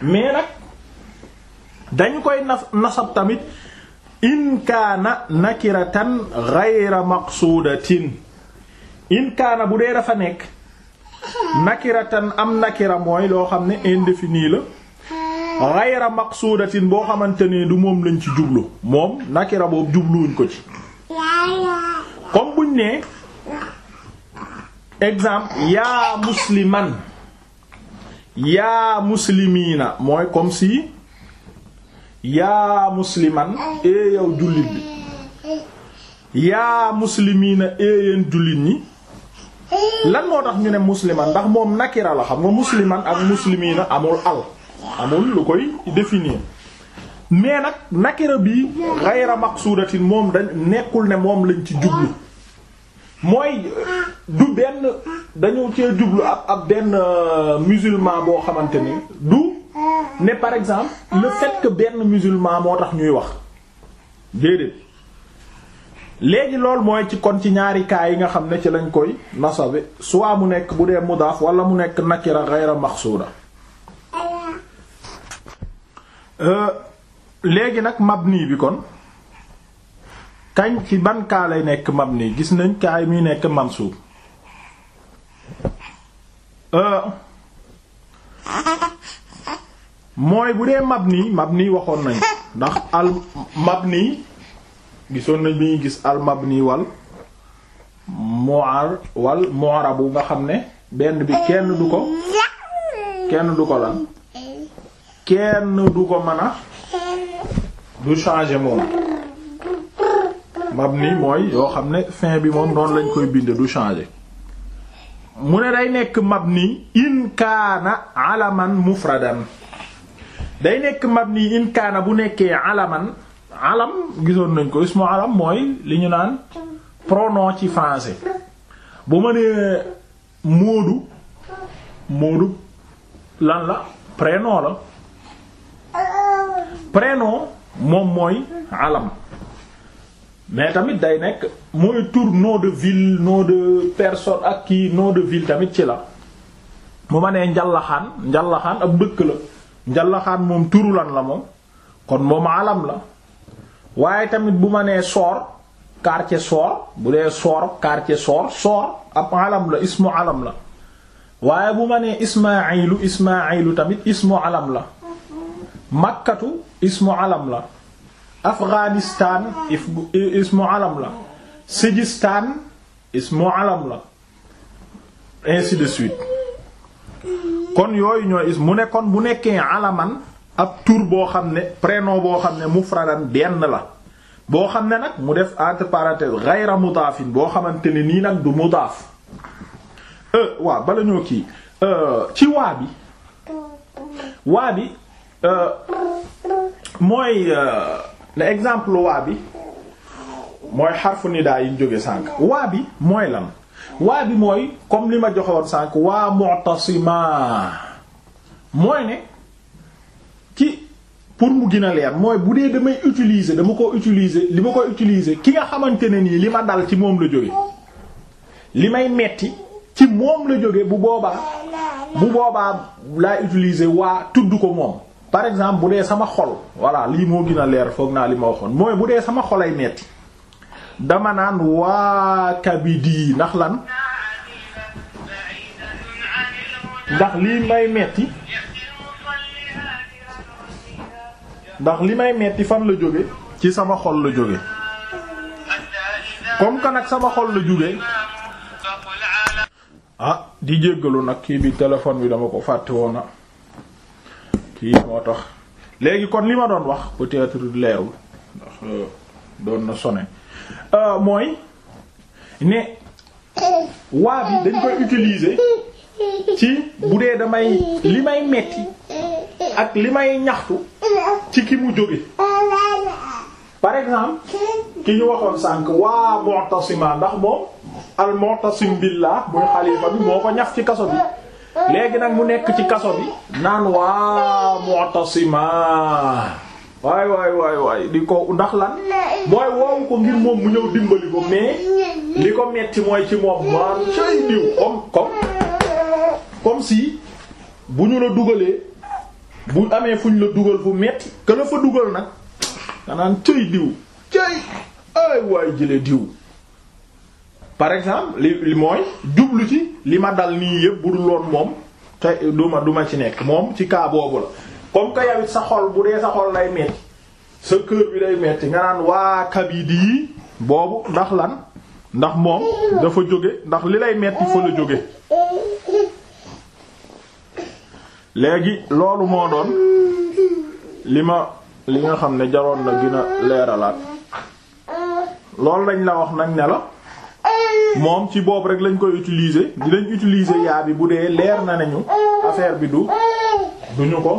mais nag dañ koy na nasab tamit in kaana nakiratan ghayra maqsudatin in bu dee dafa nekk nakiratan am nakira mooy loo xam ne indéfini la ghayra maqsudatin boo xamante ne du moom lañ ci jublu moom nakira boobu jubluwuñ ko ci comme buñ ne exemple yaa musliman yaa muslimiina mooy kom si yaa musliman ee eh yow jullit bi yaa muslimiina ee eh yéen jullit ñi lan moo tax ñu ne musliman ndax moom nakira la xam nga musliman ak muslimiina amul al amul lu koy définir mais nag nakira bi xayra maqsudatin moom da nekkul ne moom lañ ci jublu mooy du benn dañu cee jublu ab ab benn euh, musulman boo xamante ni du ne par exemple le fait benn musulman moo tax ñuy wax déedéet léegi loolu mooy ci kon ci ñaari cas yi nga xam ne ci lañ koy nasabe soit mu nekk bu dee mudaaf wala mu nekk nakira xayra maqsuda Euh, léegi nag mabni bi kon kañ ci ban kaa lay nekk mabni gis nañ kaay mi nekk mansuub euh, mooy bu dee mabni nii waxoon nañ ndax al mabni gisoon nañ bi ñuy gis al mabni wal mu'ar wal mu'arabu nga xam ne benn bi kenn du ko kenn du ko lan kenn du ko mën a du changer moom mabni mooy yoo xam ne fin bi moom noonu lañ koy bind du changer mu ne day nekk mabni in kaana alaman mufradan day nekk mabni in kaana bu nekkee alaman alam gisoon nañ ko ismu alam mooy li ñu naan pronom ci français bu ma nee Moodu Moodu lan la prénom la prénom moom mooy alam mais tamit day nekk mooy tur nom de ville nom de personne ak kii nom de ville tamit ci la mu ma nee njallaxaan njallaxaan ab dëkk la njallaxaan moom turu lan la moom kon moom alam la waaye tamit bu ma nee soor quartier soor bu dee soor quartier soor soor ab alam la ismu alam la waaye bu ma nee ismailu ismailu tamit ismu alam la makkatu ismu alam la afghanistan ismu alam la sijistan ismu alam la ainsi de suite kon yooyu ñoo is mu ne kon bu nekkee alaman ab tur boo xam ne prenon boo xam ne mufradan benn la boo xam ne nag mu def entre parenthèses ghayra boo xamante ne nii nag du mudaaf euh, waaw bala ñoo kii euh, ci waa bi waa bi Euh, mooy le euh, exemple waa bi mooy xarfu nidaa yi jóge sànq waa bi mooy lan waa bi mooy comme li ma joxewoon sànq waa mu'tasima mooy ne ci pour mu gën a leer mooy bu dee damay utiliser dama ko utiliser li ma ko utiliser ki nga xamante ne nii li ma dal ci moom la jóge li may metti ci moom la jóge bu boobaa bu boobaa laa utiliser waa tudd ko moom par exemple bu dee sama xol voilà lii moo gin a leer foog naa li ma waxoon mooy bu dee sama xolay metti dama naan waa kabidi ndax lan ndax lii may metti ndax li may metti fan la jóge ci sama xol la jóge comme que nag sama xol la jóge ah di jéggalu nag kii bi téléphone bi dama ko fàtte woon na kii moo tax léegi kon li ma doon wax peut-être leerul ndax euh, doon na sone euh, mooy ne waa bi dañ koy utiliser ci bu dee damay li may metti ak li may ñaxtu ci ki mu jóge par exemple ki ñu waxoon sànq waa mu'tasima ndax moom al mu'tasim billah muy xalifa bi moo ko ñax ci kaso bi léegi nag mu nekk ci kaso bi naan waa Mu'tasima waay waay waay waay di ko ndax lan mooy woowu ko ngir moom mu ñëw dimbali ko mais li ko metti mooy ci moom man cay diw comme comme si bu ñu la dugalee bu amee fuñ la dugal fu metti que fa dugal nag nga naan cay diw cay ay waay jële diw par exemple li mooy jublu ci li ma dal nii yëpp bu dul woon moom te du ma du ma ci nekk moom ci cas boobu la comme que yow sa xol bu dee sa xol lay metti sa kër bi day metti nga naan waa kabidi yi boobu ndax lan ndax moom dafa jóge ndax li lay metti fa la jóge léegi loolu moo doon li ma li nga xam ne jaroon na gën a leeralaat loolu lañ la wax nañ ne la moom ci boobu rek lañ koy utiliser dinañ utiliser yaa bi bu dee leer na nañu affaire bi du duñu ko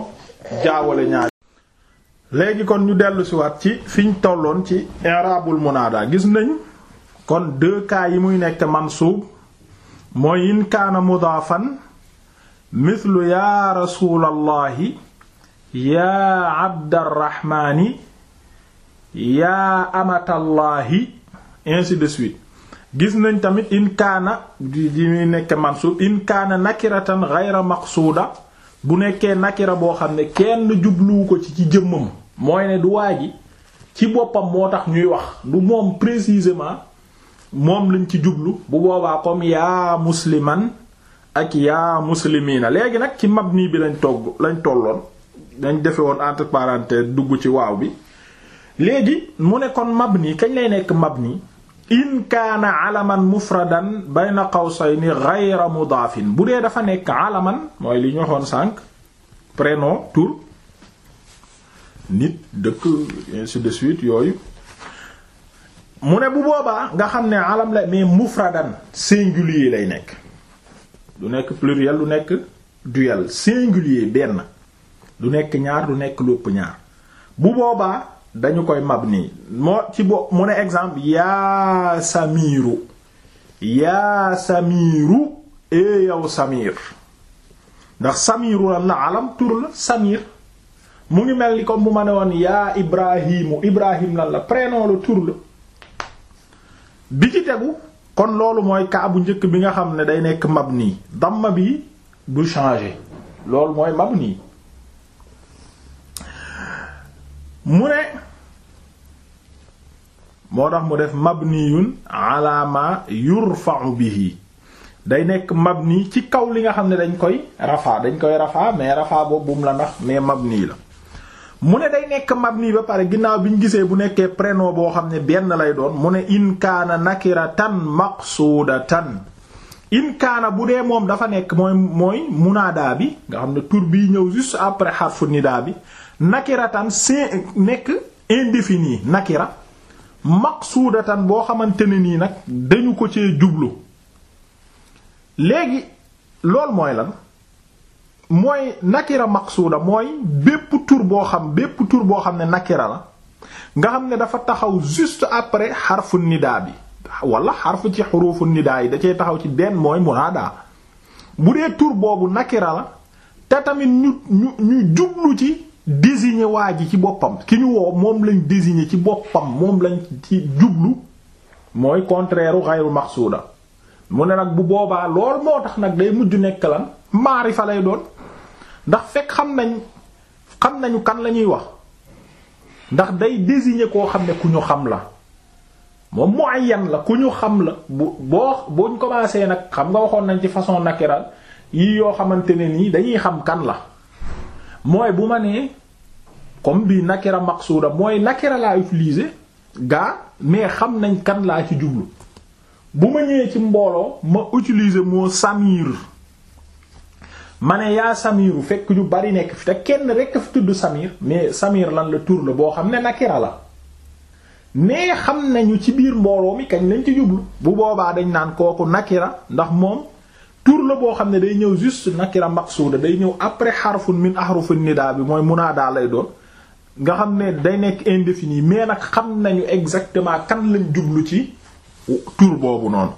jaawale ñaar léegi kon ñu dellu si waat ci fiñ tolloon ci i'rabul munaada gis nañ kon deux cas yi muy nekk mansuub mooy in kaana mudaafan mithlu yaa rasulallahi yaa abdarrahmaani yaa amatallaahi ainsi de suite gis nañ tamit in kaana di ñuy nekk mansuub in kaana nakiratan ghayra maqsuuda bu nekkee nakira boo xam ne kenn jubluwu ko ci ci jëmmam mooy ne du waa ji ci boppam moo tax ñuy wax du moom précisément moom lañ ci jublu bu boobaa comme yaa musliman ak yaa muslimiina léegi nag ci mab mabni bi lañ togg lañ tolloon dañ defe woon entre parenthèses dugg ci waaw bi léegi mu ne kon mabni kañ lay nekk mab mabni in kaana alaman mufradan bayna qawsayni ghayra mudaafin bu dee dafa nekk alaman mooy li ñu waxoon sànq prénom tur nit dëkk ainsi de suite yooyu mu ne bu boobaa nga xam ne alam la mais mufradan singulier lay nekk du nekk pluriel du nekk duyal singulier benn du nekk ñaar du nekk lépp ñaar bu boobaa dañu koy mab nii moo ci bo mu ne exemple yaa samiiru yaa samiiru ee yow samir ndax samiiru lan la alam tur la mu ngi mel ni comme bu ma ne woon yaa ibrahimu ibrahim lan la prénom la tur la bi ci tegu kon loolu mooy kaa bu njëkk bi nga xam ne day nekk mab mabni damma bi du changer loolu mooy nii mu ne moo tax mu def mabniyun ala ma yurfa'u bihi day nekk mabni ci kaw li nga xam ne dañ koy rafaa dañ koy rafaa mais rafaa boobu buum la ndax mais mabni la mu ne day nekk mabni ba pare ginnaaw bi ñu gisee bu nekkee prénom boo xam ne benn lay doon mu ne in kaana nakiratan maqsuudatan in kaana bu dee moom dafa nekk mooy mooy munaada bi nga xam ne tur bii ñëw juste après xarfu nidaa bi nakiratan sin nekk indéfini nakira maqsuudatan boo xamante ne nii nag dañu ko ci jublu léegi lool mooy lan mooy nakira maqsuuda mooy bépp tur boo xam bépp tur boo xam ne nakira la nga xam ne dafa taxaw juste après xarfu nidaa bi wala xarfu ci xuruufu nidaa yi da cee taxaw ci benn mooy munaadaa bu dee tur boobu nakira la te tamit ñu ñu ñu jublu ci désigner waa ji ci boppam ki ñu woo moom lañ désigner ci boppam moom lañ ci jublu mooy contraire u xayru maxsuuda mu ne nag bu boobaa lool moo tax nag day mujj nekk maari fa lay doon ndax fekk xam nañ xam nañu kan la ñuy wax ndax day désigner koo xam ne ku ñu xam la moom muayyan la ku ñu xam la bu boo buñ commencé nag xam nga waxoon nañ ci façon nakira yi yoo xamante ne nii dañuy xam kan la mooy bu ma nee comme bii nakira maqsuda mooy nakira laa utilise gaa mais xam nañ kan laa ci jublu bu ma ñëwee ci mbooloo ma utiliser moo samir ma ne yaa samiru fekk ñu bari nekk fi te kenn rekk fi tudd samir mais samir lan la tur la boo xam ne nakira la mais xam nañu ci biir mbooloo mi kañ lañ ci jublu bu boobaa dañ naan kooku nakira ndax moom tur la boo xam ne day ñëw juste nakira maqsuuda day ñëw après xarfun min ahrufin nidaa bi mooy munaadaa lay doon nga xam ne day nekk indéfini mais nag xam nañu exactement kan lañ jublu ci tur boobu noonu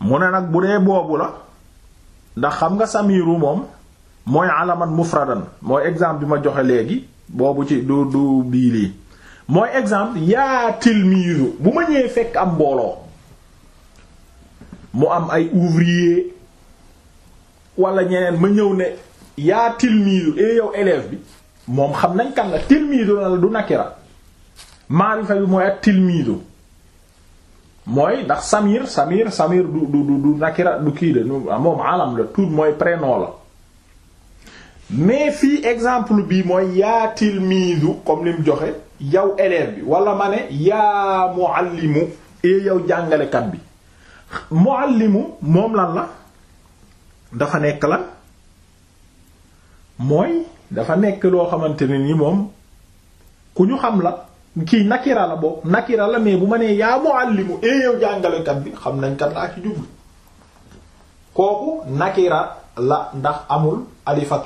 mu ne nag bu dee boobu la ndax xam nga sa miiru moom mooy alaman mufradan mooy exemple bi ma joxe léegi boobu ci du du bii lii mooy exemple yaa tilmiizu bu ma ñëwee fekk am mbooloo mu am ay ouvrier walla ñeneen ma ñëw ne yaa tilmiidu e eh yow élève bi moom xam nañ kan la tilmiidu la du nakira maarifa bi mooy ak tilmiidu mooy ndax samir samir samiir du du du nakira du kii de ah, moom alam la tout mooy prénom la mais fii exemple bi mooy yaa tilmiidu comme li joxe yow élève bi wala ma ne yaa muallimu e yow jàngalekat bi muallimu moom lan la dafa nekk lan mooy dafa nekk loo xamante ne ni moom ku ñu xam la kii nakira la boobu nakira la mais bu ma nee yaa muallimu ee eh jàngalekat bi xam nañ kat laa ci jublu kooku nakira la ndax amul alif ak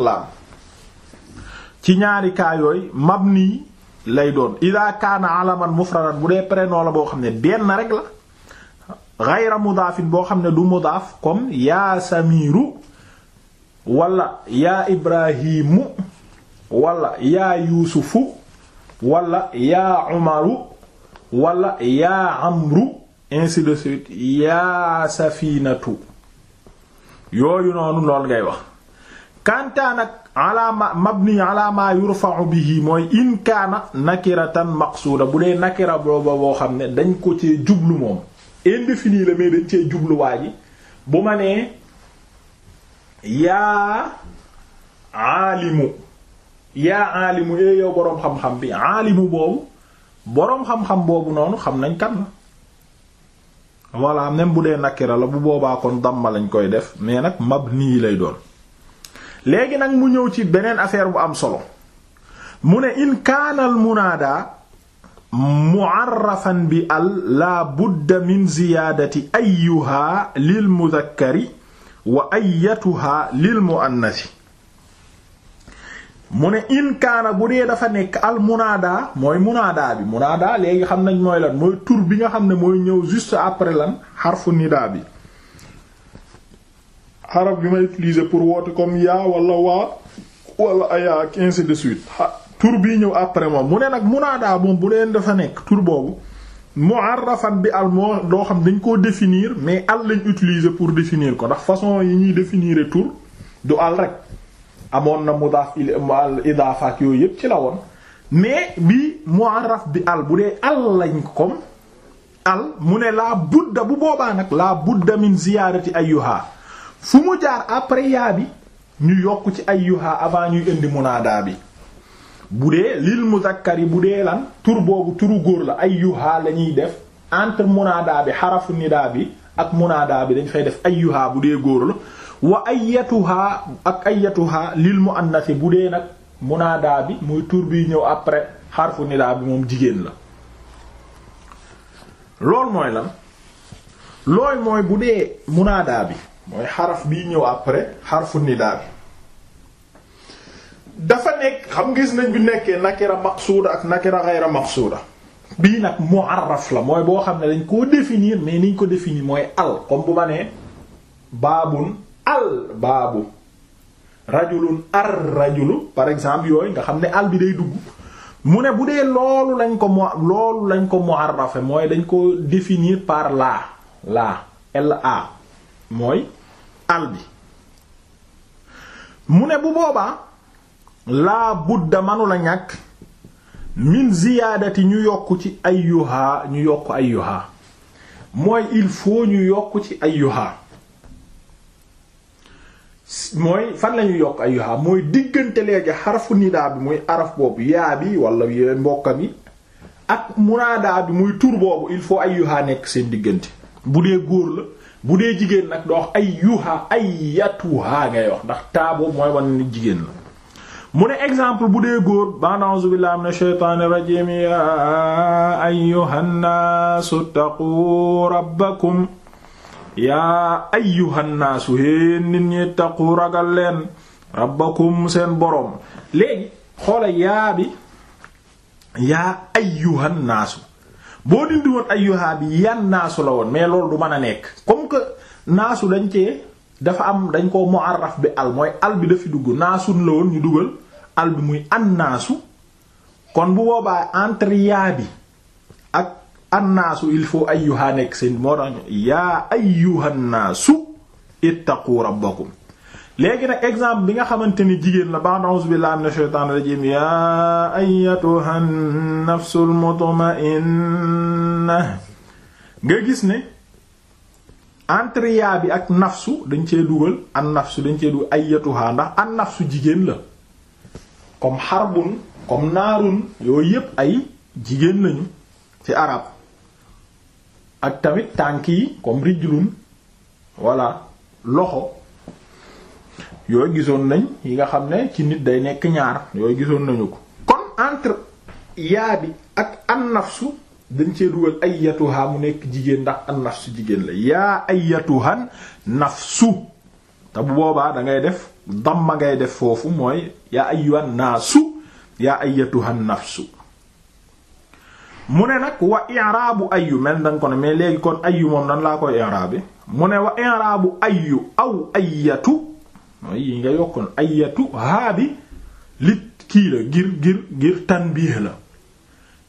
ci ñaari kaa yooyu mabni lay doon ida kaana alaman bu dee prénom la boo xam ne benn rek la ghayra mudaafin boo xam ne du mudaaf comme yaa samiiru wala yaa ibrahimu wala yaa yuusufu wala yaa umaru wala yaa amru ainsi yaa safinatu yooyu noonu lool ngay wax kantaa mabni alaama yurfa'u bihi mooy in kaana nakiratan maqsuuda bu dee nakira booba boo xam ne dañ ko ci jublu moom indéfini la mais dañ cee jubluwaa ji bu ma nee yaa aalimu yaa aalimu ee eh, yow boroom xam-xam bi aalimu boobu boroom xam-xam boobu noonu xam nañ kan la voilà même bu dee nakira la bu boobaa kon damma lañ koy def mais nag nii lay doon léegi nag mu ñëw ci beneen affaire bu am solo mu ne in kaanal munaada mu'arrafan bi al la budda min ziyaadati ayyuha lil mudakkari wa ayyatuha lil muannasi mu ne inkaana bu dee dafa nekk al munaada mooy munaada bi munaada léegi xam nañ mooy lan mooy tur bi nga xam ne mooy ñëw juste après lan xarfu nidaa bi xaraf may utiliser pour woote comme yaa wala waa wala ayaa ainsi tur bii ñëw après moom mu ne nag munaadaa moom bu leen dafa nekk tur boobu mu'arrafan bi al moo loo xam dañ koo définir mais al lañ utiliser pour définir ko ndax façon yi ñuy définir tur du al rek amoon na mu mu al idaafa ak yooyu yëpp ci la woon mais bi mu'arraf bi al bu dee al lañ comme al mu ne laa budda bu boobaa nag laa budda min ziyaarati ayyuha fu mu jaar après yaa bi ñu yokk ci ayyuha avant ñuy indi munaadaa bi bu dee lil muzakkar bu dee lan tur boobu turu góor la ayyuha la ñuy def entre munaadaa bi xarafu nidaa bi ak munaadaa bi dañ fay def ayyuha bu dee góor la wa ayyatuha ak ayyatuha lil muannasi bu dee nag munaadaa bi muy tur bi ñëw après xarfu nidaa bi moom jigéen la loolu mooy lan loolu mooy bu dee munaadaa bi mooy xaraf bi ñëw après xarfu nidaa bi dafa nekk xam gis nañ bi nekkee nakira maqsuuda ak nakira ghayra maqsuuda bii nag mu'arraf la mooy boo xam ne dañ koo définir mais niñ ko définir mooy al comme bu ma nee baabun al baabu rajulun ar rajulu par exemple yooyu nga xam ne al bi day dugg mu ne bu dee loolu lañ ko mo loolu lañ ko mu'arrafe mooy dañ ko définir par la la la mooy al bi mu ne bu boobaa laa budda la ñàkk min ziyaadati ñu yokk ci ayyuha ñu yokk ayyuha mooy il faut ñu yokk ci ayyuha mooy fan lañu yokk ayyuha mooy diggante léegi xarfu nidaa bi muy araf boobu yaa bi wala mbokka yi ak munaadaa bi muy tur boobu il faut ayyuha nekk seen diggante bu dee góor la bu dee jigéen nag doo wax ayyuha ayyatuha ngay wax ndax taa boobu mooy wan ni jigéen la mu ne exemple bu dee góor ba'd a'uuzu billahi mina shaytaani rajiim yaa ayyuhannaasu taqu rabbakum yaa ayyuhannaasu yéen nit ñi taqu ragal leen rabbakum seen boroom léegi xoola yaa bi yaa ayyuhannaasu boo dindi woon ayyuhaa bi yan naasu la woon mais loolu du mën a nekk comme que naasu dañ cee dafa am dañ ko mu'arraf bi al mooy al bi dafi dugg naasun la woon ñu dugal al bi muy annaasu kon bu boobaa entre bi ak annaasu il faut ayyuha nekk seen moo tax yaa ayyuhannaasu ittaqu bokk léegi nag exemple bi nga xamante ni jigéen la ba'da a'uuzu billahi minash shaytaanir rajiim yaa ayyatuhan nafsul mutma'innah nga gis ne entre yaa bi ak nafsu dañ cee dugal an nafsu dañ cee dugal ayyatuha ndax an nafsu jigéen la comme xarbun comme naarun yooyu yépp ay jigéen lañu ci arab ak tamit tànk yi comme rijlun voilà loxo yooyu gisoon nañ yi nga xam ne ci nit day nekk ñaar yooyu gisoon nañu ko kon entre yaa bi ak an nafsu dañ cee dugal ayyatuha mu nekk jigéen ndax an nafsu jigéen la yaa ayyatuhan nafsu te bu boobaa dangay ngay def damma ngay def foofu mooy yaa ayyuhan naasu nafsu mu ne nag wa i'rabu ayyu mel danga ko ne mais léegi kon ayyu moom nan laa koy i'rabi mu ne wa i'rabu ayyu aw ayyatu mooy yi nga yokkoon ayyatu haabi lit kii la ngir ngir ngir la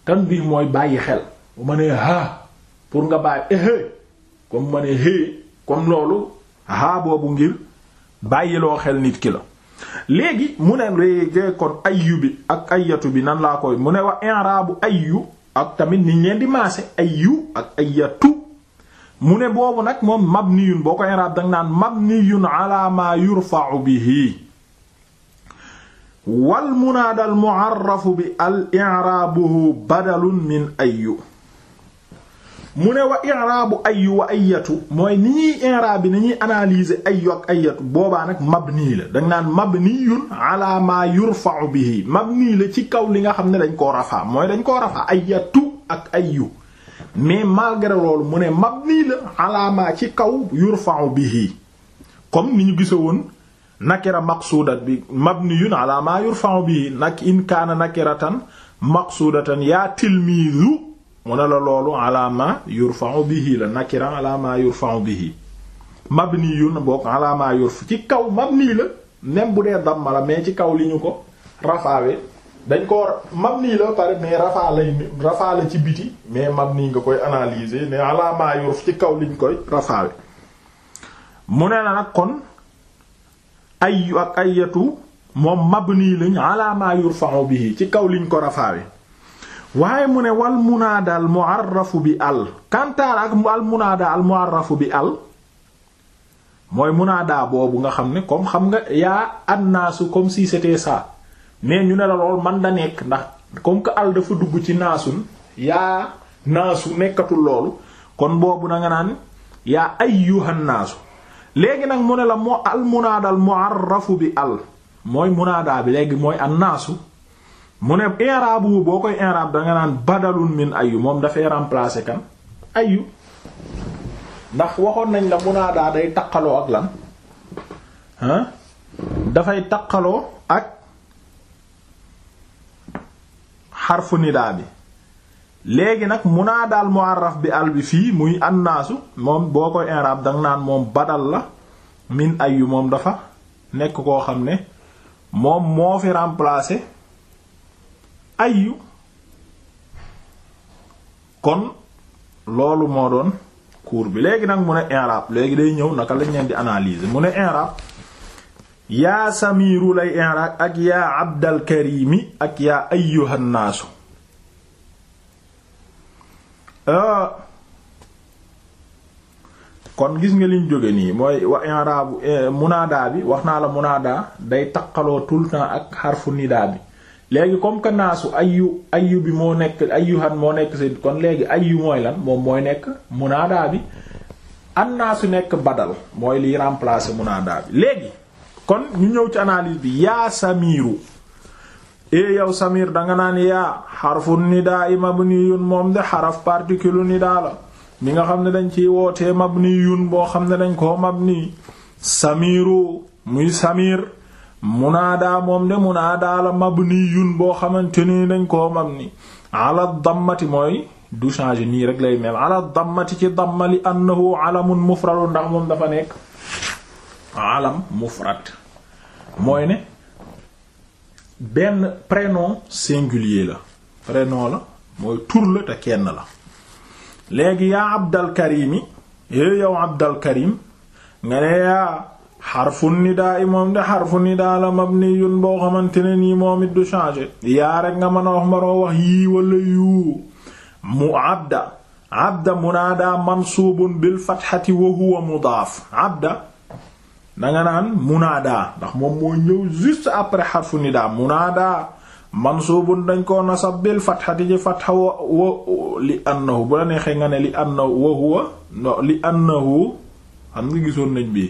tanbih mooy bàyyi xel bu ma nee ha pour nga bàyyi éhé eh, eh, comme ma nee hé comme loolu ha boobu ngir bàyyiloo xel nit ki la léegi mu ne léegi kon ayyu bi ak ayatu bi nan laa koy mu ne wax i'rabu ayyu ak tamit niñ leen di maase ayyu ak ayatu mu ne boobu nag moom mabniyun boo ko i'rab danga naan mabniyun ala ma yurfa'u bihi wal munaada al mu'arrafu bi al i'raabuhu badalun min ayyu mu ne wa i'raabu ayyu wa ayyatu mooy ni ñuy i'raab bi ni ñuy analyser ayyu ak ayyatu boobaa nag mabni la danga naan mabniyun ala la ci kaw li nga xam ne dañ koo rafaa mooy dañ koo rafaa ayyatu ak ayyu mais malgré loolu mu ne mabni la ma ci kaw yurfa'u bihi comme ni ñu gisa woon nakira maqsuudat bi mabniyun ala ma yurfa'u bi nak in kaana nakiratan maqsuudatan yaa tilmiizu mu ne la loolu ala ma yurfa'u bihi la nakira ala ma yurfa'u bihi mabniyun bokk ala ma yurf ci kaw mabni la même bu dee damma la mais ci kaw li ñu ko rafaawe dañ ko mabni la pare mais rafaa lay rafaa la ci biti mais mabni nga koy analyser ne ala ma yurf ci kaw liñ koy rafaawe mu ne la nag kon ayyu ak ayatu moom mabni lañ ala ma bi ci kaw liñ ko rafaawe waaye mu ne wal munaada al mu'arrafu bi àll kantaal ak al munaada al mu'arrafu bi àll mooy munaada boobu nga xam ne comme xam nga yaa annaasu comme si c'était ça mais ñu ne la lool man da nekk ndax comme que àll dafa dugg ci naasun yaa naasu nekkatul loolu kon boobu na nga naan yaa ayyuhan naasu léegi nag mu ne la moo al munaadal mu'arrafu bi àll mooy munaadaa bi léegi mooy annaasu mu ne i'raabu boo koy i'raab danga naan badalun min ayu moom dafay remplacer kan ayu ndax waxoon nañ la munaadaa day taqaloo ak lan ah dafay taqaloo ak xarfu nidaa bi léegi nag munaa daal mu'arraf bi àll bi fii muy annaasu moom boo koy i'rab danga naan moom badal la min ayu moom dafa nekk koo xam ne moom moo fi remplacer ayu kon loolu moo doon cours bi léegi nag mu ne i'rab léegi day ñëw naka lañ leen di analyser mu ne i'rab yaa samiiru lay i'rab ak yaa abdal karimi ak yaa ayyuhan Ah. kon gis nga liñ jóge nii mooy wa i'raabu eh, munaadaa bi wax naa la munaadaa day taqaloo tout le temps ak xarfu nidaa bi léegi comme que naasu ayyu ayyu bi moo nekk ayyuhan moo nekk si kon léegi ayyu mooy lan moom mooy nekk munaadaa bi an naasu nekk badal mooy liy remplacer munaadaa bi léegi kon ñu ñëw ci analyse bi yaa samiiru ee eh, yow samiir danga naan yaa xarfu nidaa i mabniyun moom de xaraf particule nidaa la bi nga xam ne dañ ci wootee ni mabniyun boo xam ne dañ koo ni samiiru muy Samir munaadaa moom de munaadaa la mabniyun boo xamante ni dañ koo ni ala dammati mooy du changer nii rek lay mel ala dammati ci damma li annahu alamun mufradu ndax moom dafa nekk alam mufrad mooy ne. benn prénom singulier la prénom la mooy tur la te kenn la léegi yaa Abdal Karim eh, yi é Abdal Karim nga ne yaa xarfu nidaa i moom de xarfu nidaa la mabniyun boo xamante ne nii moom it du changer yaa rek nga mën a wax maroo wax yii wala yuu mu abda abda munaadaa mansuubun bil fatxati wa huwa mudaaf abda danga naan munaada ndax moom moo ñëw juste après xarfu nidaa munaada mansuubun dañ koo nasab bil fatxati ci fatxa wa wa li annahu bu la neexee nga ne li annahu wa huwa li annahu xam nga gisoon nañ bii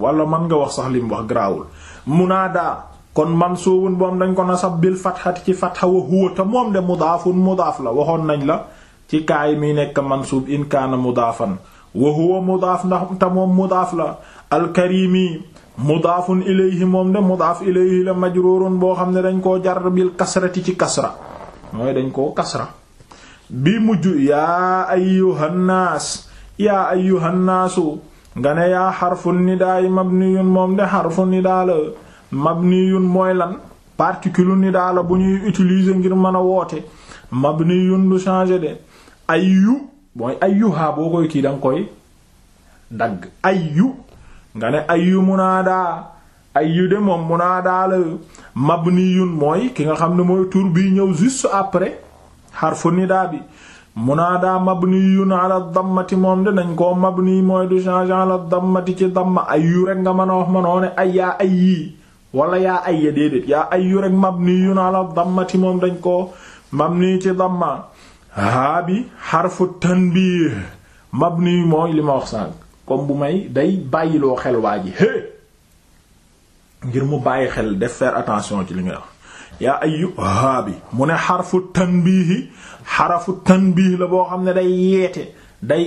wala mën nga wax sax li mu wax garaawul munaada kon mansuubun boom dañ koo nasab bil fatxati ci fatxa wa huwa te moom de mudaafun mudaaf la waxoon nañ la ci kaay mi nekk mansuub in kaana mudaafan wa huwa mudaaf ndax te mudaaf la alkarimi mudaafun ilayhi moom de mudaaf ilayhi la majruurun boo xam ne dañ koo jar bil kasrati ci kasra mooy dañ koo kasra bi mujj yaa ayyuhannaas yaa ayyuhannaasu nga ne yaa xarfu nidaay mabniyun ni de xarfu nidaa la mabniyun mooy lan particule nidaa la bu ñuy utiliser ngir mën a woote mabniyun du changer de ayyu mooy ayyuhaa boo koy kii danga koy dagg yu nga ne ayyu munaadaa ayyu de moom munaadaa la mabniyun mooy ki nga xam ne mooy tur bi ñëw juste après xarfu nidaa bi munaadaa mabniyun ala dammati moom de dañ koo mabni mooy du changer ala dammati ci damma ayyu rek nga mën a wax manoo ne ay yaa ay yii wala yaa ay ya déedéet yaa ayyu rek mabniyun ala dammati moom dañ koo mabni ci damma haa bi xarfu tanbiih mabni mooy li ma wax comme bu may day bàyyiloo xel waa ji hé ngir mu bàyyi xel def faire attention ci li nga wax yaa ayu haabi mu ne xarfu tanbiihi xarafu tanbiih la boo xam ne day yeete day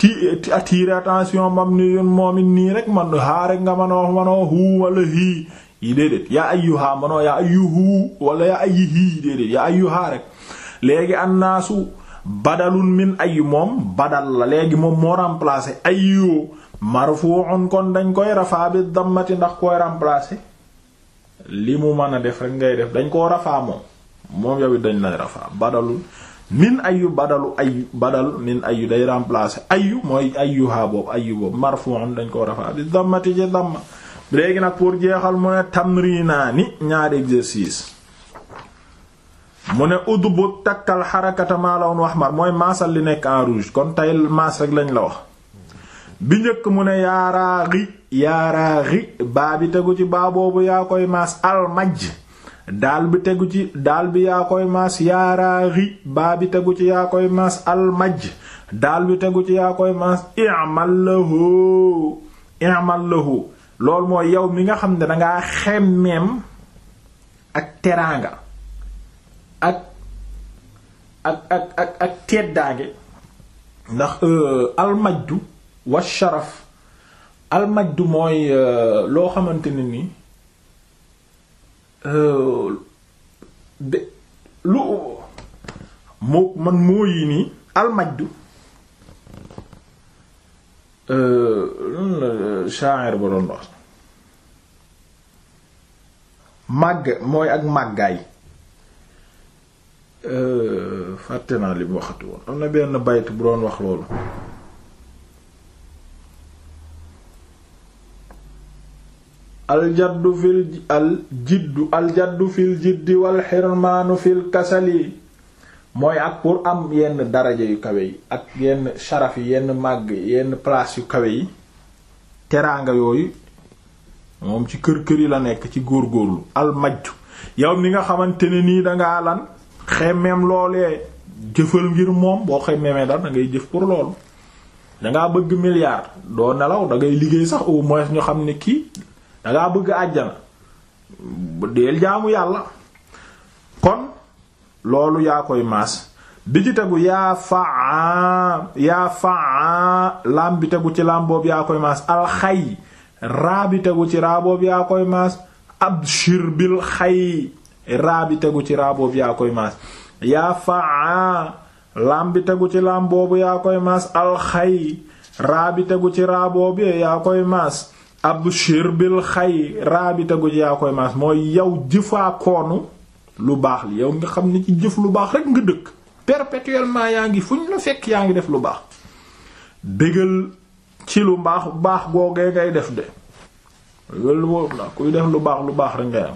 ti attirer attention mam ni yun moom it nii rek man haa rek nga manoo manoo huu wala hii yi déedéet yaa ayu haa manoo yaa ayu huu wala yaa ayu hii déedéet yaa ayu haa rek léegi annaasu badalun miin ayyu moom badal la léegi moom moo remplacé ayyu marfu'un kon dañ koy rafaa bi dammati ndax koy remplacé li mu mën a def rek ngay def dañ koo rafaa moom moom yow it dañ lay rafaa badalun min ayyu badalu ayyu badal min ayyu day remplacé ayyu mooy ayyuha boobu ayyu boobu marfu'un dañ koo rafaa bi dammati ci damma léegi nag pour jeexal naa ni ñaari exercice mu ne udbut takkal xarakata maaloon wax mar mooy maasal li nekk en rouge kon tey maas rek lañ la wax bi njëkk mu ne yaaraaxi yaaraaxi baa bi tegu ci baa boobu yaa koy maas almaj daal bi tegu ci bi yaa koy maas tegu ci yaa koy maas almaj daal tegu ci yaa koy maas i'mal lahu i'mal lahu loolu mooy yow mi nga xam ne dangaa xemmeem ak teraanga ak ak ak ak ak teddaange ndax euh, almajdu wa sharaf almajdu mooy euh, loo xamante ne nii euh, de lu moo man moo yi nii almajdu lan la sha'ir ba doon wax màgg mooy ak màggaay Euh, fàtte naa li mu woon am na benn bayt bu doon wax loolu aljaddu fil al jiddu fil jiddi wal fil kasali mooy ak pour am yenn daraja yu kawe yi ak yenn sharaf yi yenn màgg yenn place yu kawe yi teraanga yooyu moom ci kër kër yi la nekk ci góor góorlu almajju yow mi nga xamante ne nii dangaa lan xemmeem loolee jëfal ngir moom boo xemmeemee dara da ngay jëf pour loolu danga bëgg milliard doo nelaw da liggéey sax au moins ñu xam ne kii danga bëgg àjjana deel jaamu yàlla kon loolu yaa koy maas bi ci tegu yaa faa yaa faa lam bi ci lam boobu yaa koy maas alxay raa bi tegu ci raa boobu yaa koy maas abshir bil xay raa bi tegu ci raa boobu yaa koy maas yaa faa laam bi tegu ci laam boobu yaa koy maas alxay raa bi tegu ci raa boobu yaa koy maas abshir bil xay raa bi tegu ci yaa koy maas mooy yow jëfaa lu baax li yow nga xam ni ci jëf lu baax rek nga dëkk perpétuellement yaa ngi fu ñu la fekk yaa ngi def lu baax bégal ci lu baax baax googee ngay def de loolu kuy def lu baax lu baax rek ngay am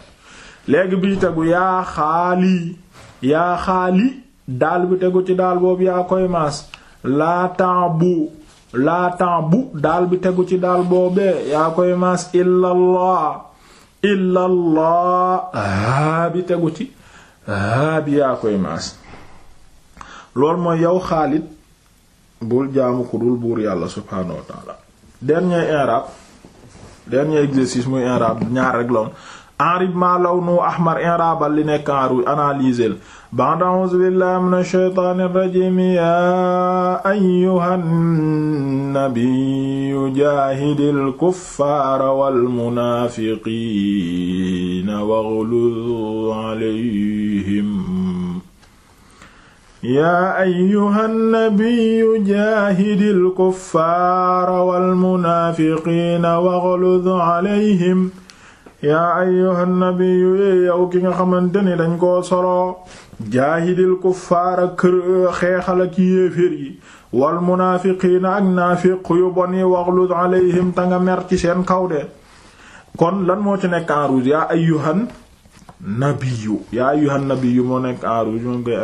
léegi bi tegu yaa xaali yaa xaali daal bi tegu ci daal boobu yaa koy maas laa taabu laa taabu daal bi tegu ci daal boobee yaa koy maas illallah illallah haa bi tegu ci haa bi yaa koy maas loolu mooy yow Xaalid bul jaamu ko dul buur yàlla subhaanahu wa taala dernier i'raab dernier exercice muy i'raab ñaar rek enrib ma lawnu ahmar inraabal li nekk enru analyser l ba'd a'uuzu billahi minash shaytaanir rajiim yaa ayyuhan nabiyyu jaahidil kuffaara wal munaafiqiina waghluz 'alayhim yaa ayyuhan nabiyyu jaahidil kuffaara wal munaafiqiina waghluz 'alayhim yaa ayyuhan nabiyyu eh, yee ki nga xamante ni dañ ko solo jaahidil kuffaara kër eh, xeexal ak yéeféer yi wal munaafiqiina ak naafiq yu bon yi waxlud alayhim ta seen kaw de kon lan moo ci nekk en rouge yaa ayyuhan nabiyyu yaa ayyuhan moo nekk en rouge moom koy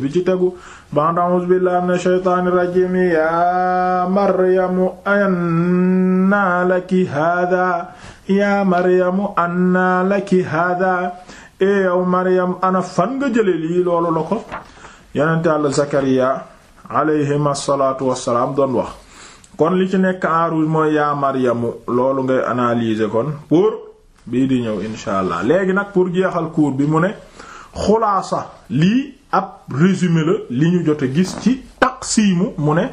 bi ci tegu ba'da a'uuzu billahi mina yaa maryamu annaa laki haadaa yaa maryamu anna laki hada e yow maryam ana fan nga jële lii loolu la ko yonent Yàlla zakariya alayhim asalaatu wasalaam doon wax kon li ci nekk en rouge mooy yaa maryamu loolu ngay analyser kon pour bii di ñëw insha allah léegi nag pour jeexal cours bi mu ne xulaasa lii ab résumé la li ñu jot a gis ci taqsiimu mu ne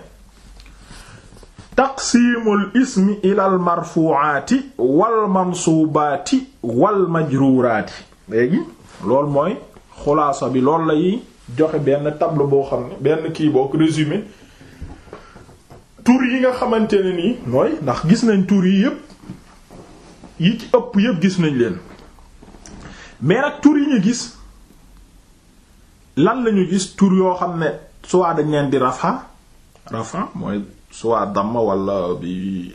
taqsiimul ismi ilal marfuwaati wal mansuubaati wal majruuraati léegi lool mooy xulaasa bi loolu lay joxe benn table boo xam ne benn kii boo ko résumé tur yi nga xamante ne nii mooy ndax gis nañ tur yi yëpp yi ci ëpp yëpp gis nañ leen mais nag tur yi ñu gis lan lañu gis tur yoo xam ne soit dañ leen di rafa rafa mooy soit damma wala bi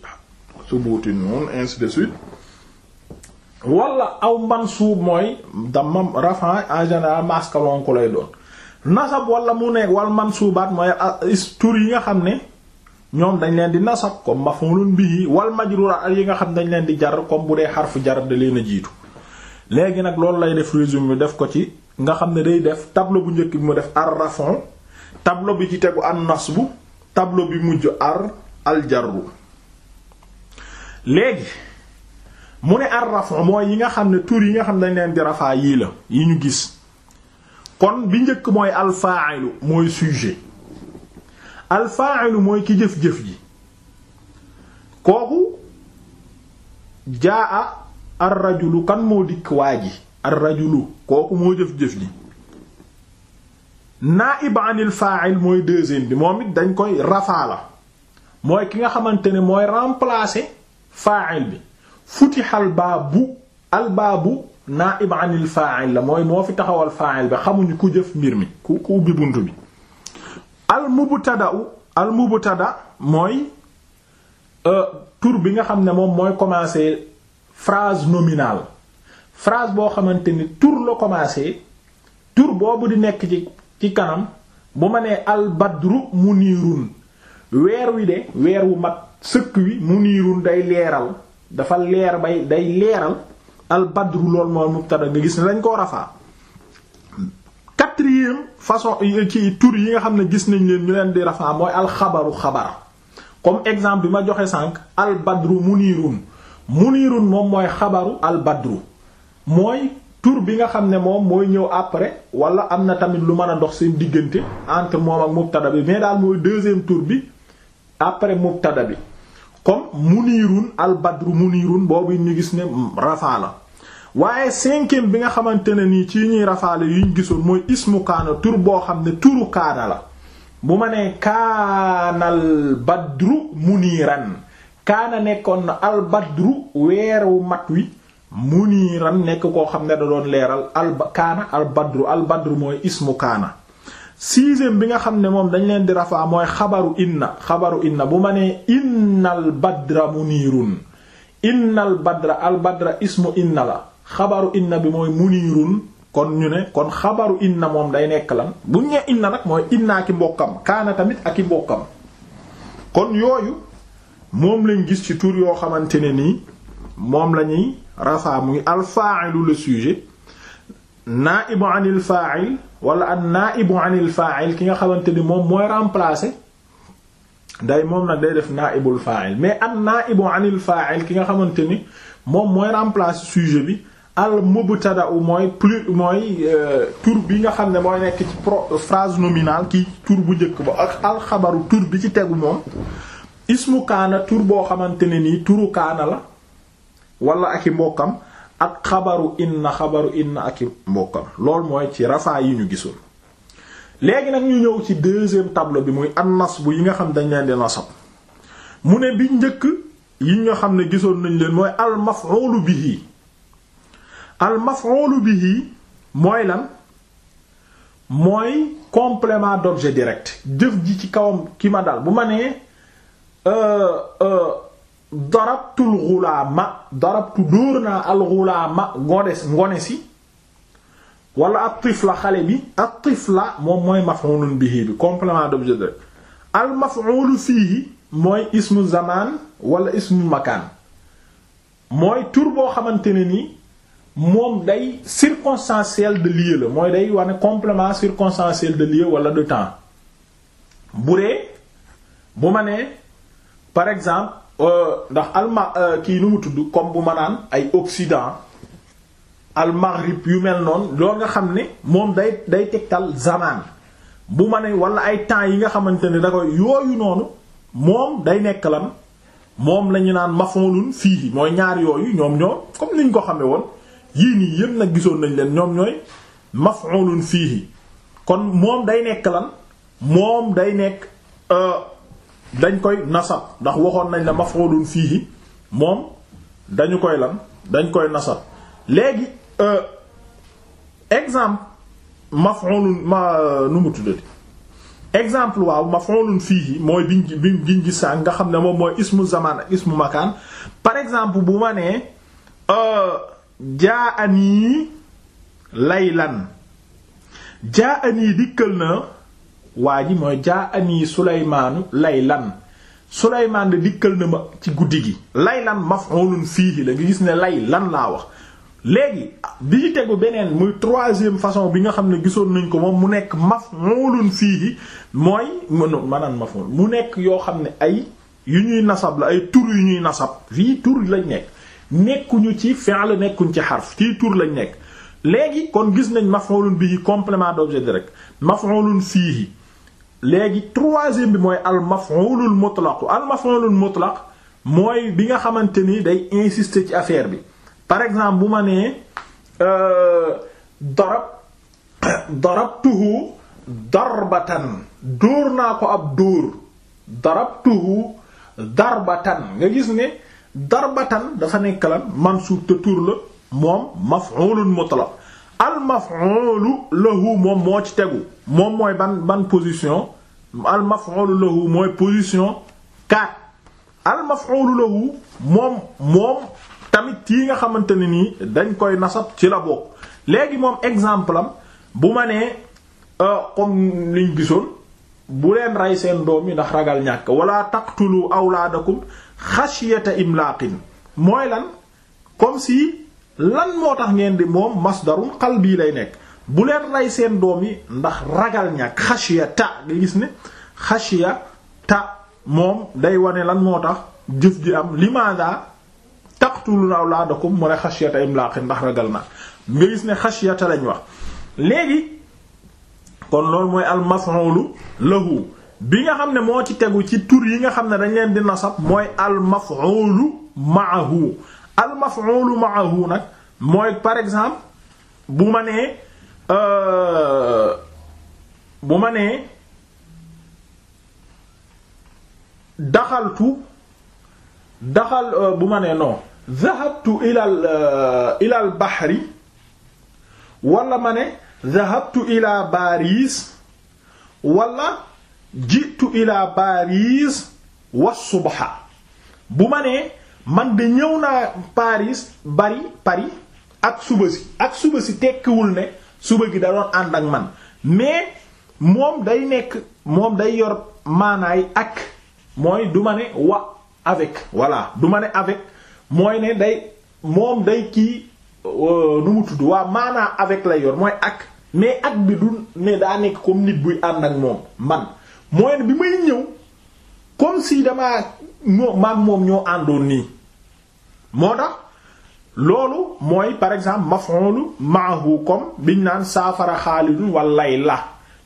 buuti noonu ainsi de suite wala aw mansuub mooy dama rafan en général masculin ko lay doon nasab wala mu ne wal mansuubaat mooy tur yi nga xam ne ñoom dañ leen di nasab comme maf'ulun bihi wal majruuraat yi nga xam ne dañ leen di jar comme bu dee xarfu jar da leen a jiitu léegi nag loolu lay def résumé bi def ko ci nga xam ne day def tableau bu njëkk bi mu def ar rafon tableau bi ci tegu an nasbu tableau bi mujj ar aljarru léegi mu ne ar mooy yi nga xam ne tur yi nga xam ne dañ leen di rafaa yii la yi ñu gis kon bi njëkk mooy alfaailu mooy sujet alfaailu mooy ki jëf-jëf ji kooku jaa a ar kan moo dikk waa ji ar rajulu kooku moo jëf-jëf ji naa naa'ib anil il mooy deuxième bi moom it dañ koy rafaa la mooy ki nga xamante ne mooy remplacer fa'il bi futihal baabu al baabu naa anil fa'il la mooy moo fi taxawal fa'il bi xamuñu ku jëf mbir mi ku ku ubbi bunt bi al mubtada al mubtada mooy euh, tur bi nga xam ne moom mooy commencer frase nominal frase boo xamante ni tur la commencer tur boobu di nekk ci ci kanam bu ma nee albadru mu niirun weer wi de weer wu mat sëkk wi mu niirun day leeral dafa leer bay day leeral albadru lool moo mubtada nga gis ne dañ koo rafaa quatrième façon ci tur yi nga xam ne gis nañ leen ñu leen di rafaa mooy alxabaru xabar comme exemple bi ma joxe sànq albadru mu niirun mu niirun moom mooy xabaru albadru mooy tur bi nga xam ne moom mooy ñëw après wala am na tamit lu mën a dox seen diggante entre moom ak mubtada bi mais daal mooy deuxième tur bi après mubtada bi comme munirun al badru munirun boobu ñu gis ne rafaa la waaye cinquième bi nga xamante ne nii ci ñuy rafaale yuñ gisoon mooy ismu kaana tur boo xam ne turu kaana la bu ma nee kaanal badru muniran kaana nekkoon na al badru wu mat wi muniiran nekk koo xam ne da doon leeral al kaana al badru mooy ismu kaana sixième bi nga xam ne moom dañ leen di rafaa mooy xabaru inna xabaru inna bu ma nee innal badra muniirun innal badra al ismu inna la xabaru inna bi mooy muniirun kon ñu ne kon xabaru inna moom day nekk lan bu ñee inna nag mooy inna ki mbokkam kaana tamit ak i mbokkam kon yooyu moom lañ gis ci tur yoo xamante ne nii moom la ñuy rafaa muy alfaailu le sujet naaibu anil faail wala an naaibu anil faail ki nga xamante ni moom mooy remplacer day moom nag day def naaibul faail mais an naaibu anil faail ki nga xamante ni moom mooy remplace sujet bi al mubtada u mooy plus mooy euh, tur bi nga xam ne mooy nekk ci phrase nominale ki tur bu njëkk ba ak alxabaru tur bi ci tegu moom ismu kaana tur boo xamante ne nii turu kaana la wala ak i mbokkam ak xabaru inna xabaru inna ak i mbokkam loolu mooy ci rafaa yi ñu gisul léegi nag ñu ñëw ci deuxième tableau bi muy an nasbu yi nga xam dañ leen di nasab mu ne bi njëkk yi nga xam ne gisoon nañ leen mooy al maf'ul bihi al maf'ul bihi mooy lan mooy complément d'objet direct jëf ji ci kawam ki ma dal bu ma nee euh, euh, darabtul xulaama darabtu dóor naa alxulaama ngones ngone si wala at tifla xale bi at tifla moom mooy maf'ulun bihi bi complément d'objet de al maf'ul fihi mooy ismu zamaan wala ismu makaan mooy tur boo xamante ne ni moom day circonstanciel de lieu la mooy day wane complement circonstanciel de lieu wala de temps bu dee bu ma nee par exemple Euh, ndax alma euh, kii nu mu tudd comme bu ma naan ay Occident almaghrib yu mel noonu loolu nga xam ne moom day day tegtal zamaan bu ma ne wala ay temps yi nga xamante ne da koy yooyu noonu moom day nekk lan moom la ñu naan mafoolun fii mooy ñaar yooyu ñoom ñoom comme niñ ko xamee woon yii yëpp nag gisoon nañ leen ñoom ñooy maf'ulun fiihi kon moom day nekk lan moom day nekk euh, dañ koy nasab ndax waxoon nañ la fii fihi moom dañu koy lan dañ koy nasab léegi euh, exemple maf'ulun ma euh, nu mu tuddati exemple waaw fii fihi mooy biñ biñ gis sànq nga xam ne moom mooy ismu zamaan ak ismu makaan par exemple bu ma nee euh, jaa anii laylan jaa anii dikkal na waa ji mooy jaa anii lay lan suleymaan da dikkal na ma ci guddi gi lay laylan maf'ulun fiihi la nga gis ne lay lan laa wax léegi bi ci tegu beneen muy troisième façon bi nga xam ne gisoon nañ ko moom mu nekk fii fiihi mooy maanaam maf'ul mu nekk yoo xam ne ay yu ñuy nasab la ay tur yu ñuy nasab fii tur lañ nekk nekkuñu ci fi'l nekkuñ ci xar fii tur lañ nekk léegi kon gis nañ complement bihi complément d'objet direct maf'ulun fii léegi troisième bi mooy al maf'ulul mutlaq al maf'ulul mutlaq mooy bi nga xamante ni day insister ci affaire bi par exemple bu ma nee euh, darab [coughs] darabtuhu darbatan dóor naa ko ab dóor darabtuhu darbatan nga gis ne darbatan dafa nekk lan mansuub te tur la moom maf'ulun mutlaq al maf'ul lahu moom moo ci tegu moom mooy ban ban position al maf'ul lahu mooy position 4 al maf'ul lahu moom moom tamit yi nga xamante ne nii dañ koy nasab ci la bokk léegi moom exemple am bu ma nee euh, comme liñ gisoon bu leen rey seen doom yi ndax ragal ñàkk walaa taqtulu awlaadakum xashyata imlaqin mooy lan comme si lan moo tax ngeen di moom masdarun bii lay nekk bu leen rey seen doom yi ndax ragal ñàkk xashiya ta nga gis ne xashiya ta moom day wane lan moo tax jëf ji am limaada taqtuluna awlaadakum mu ne xashyata imlaaq ndax ragal na nga gis ne xashyata lañ wax léegi kon loolu mooy al maf'ulu lahu bi nga xam ne moo ci tegu ci tur yi nga xam ne dañ leen di nasab mooy al maf'ulu ma'ahu al maf'ul ma'ahu nag mooy par exemple bu ma nee euh, bu ma nee daxaltu daxal euh, bu ma nee non dhahabtu ilal euh, ilal bahri wala ma ne dhahabtu ila Paris wala jiitu ila Paris wa subha bu ma nee man de ñëw naa Paris bari Paris ak suba si ak suba si tekkiwul ne suba gi da doon ànd ak man mais moom day nekk moom day yor maanaay ak mooy du ma ne avec voilà du ma ne avec mooy ne day moom day kii euh, nu mu tudd waa maanaa avec lay yor mooy ak mais ak bi du ne daa nekk comme nit buy ànd ak moom man mooy ne bi may ñëw comme si damaa ñoo moom ñoo àndoon nii moo tax loolu mooy par exemple maf'ulu maahu comme biñ naan saafara xaalidun wal layla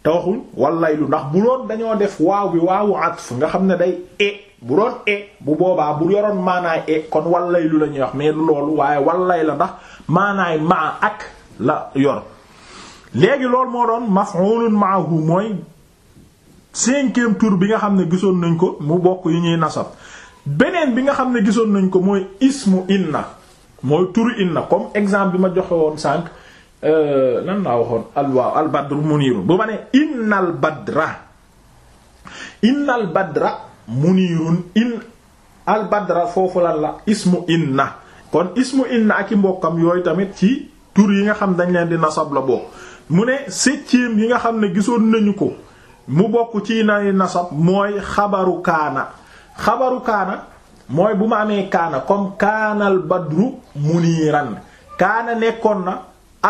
te waxuñ wal laylu ndax bu doon dañoo def waaw bi waawu atf nga xam ne day e bu doon e bu boobaa bu yoroon maanaay e kon wal laylu la ñuy wax mais loolu waaye wal la ndax maanaay maa ak la yor léegi loolu moo doon maf'ulun maahu mooy cinquième tour bi nga xam ne gisoon nañ ko mu bokk yi ñuy nasab beneen bi nga xam ne gisoon nañ ko mooy ismu inna mooy turu inna comme exemple bi ma joxe woon sànq nan euh, laa waxoon alwaaw albadru muniirun bu ma ne innal badra albadra foofu lan la ismu inna kon ismu inna ak i mbokkam yooyu tamit ci tur yi nga xam dañ leen di nasab la bokk mu ne septième yi nga xam ne gisoon nañu ko mu bokk ci nay nasab mooy xabaru kaana xabaru kaana mooy bu ma amee kaana comme kaanal badru ran kaana nekkoon na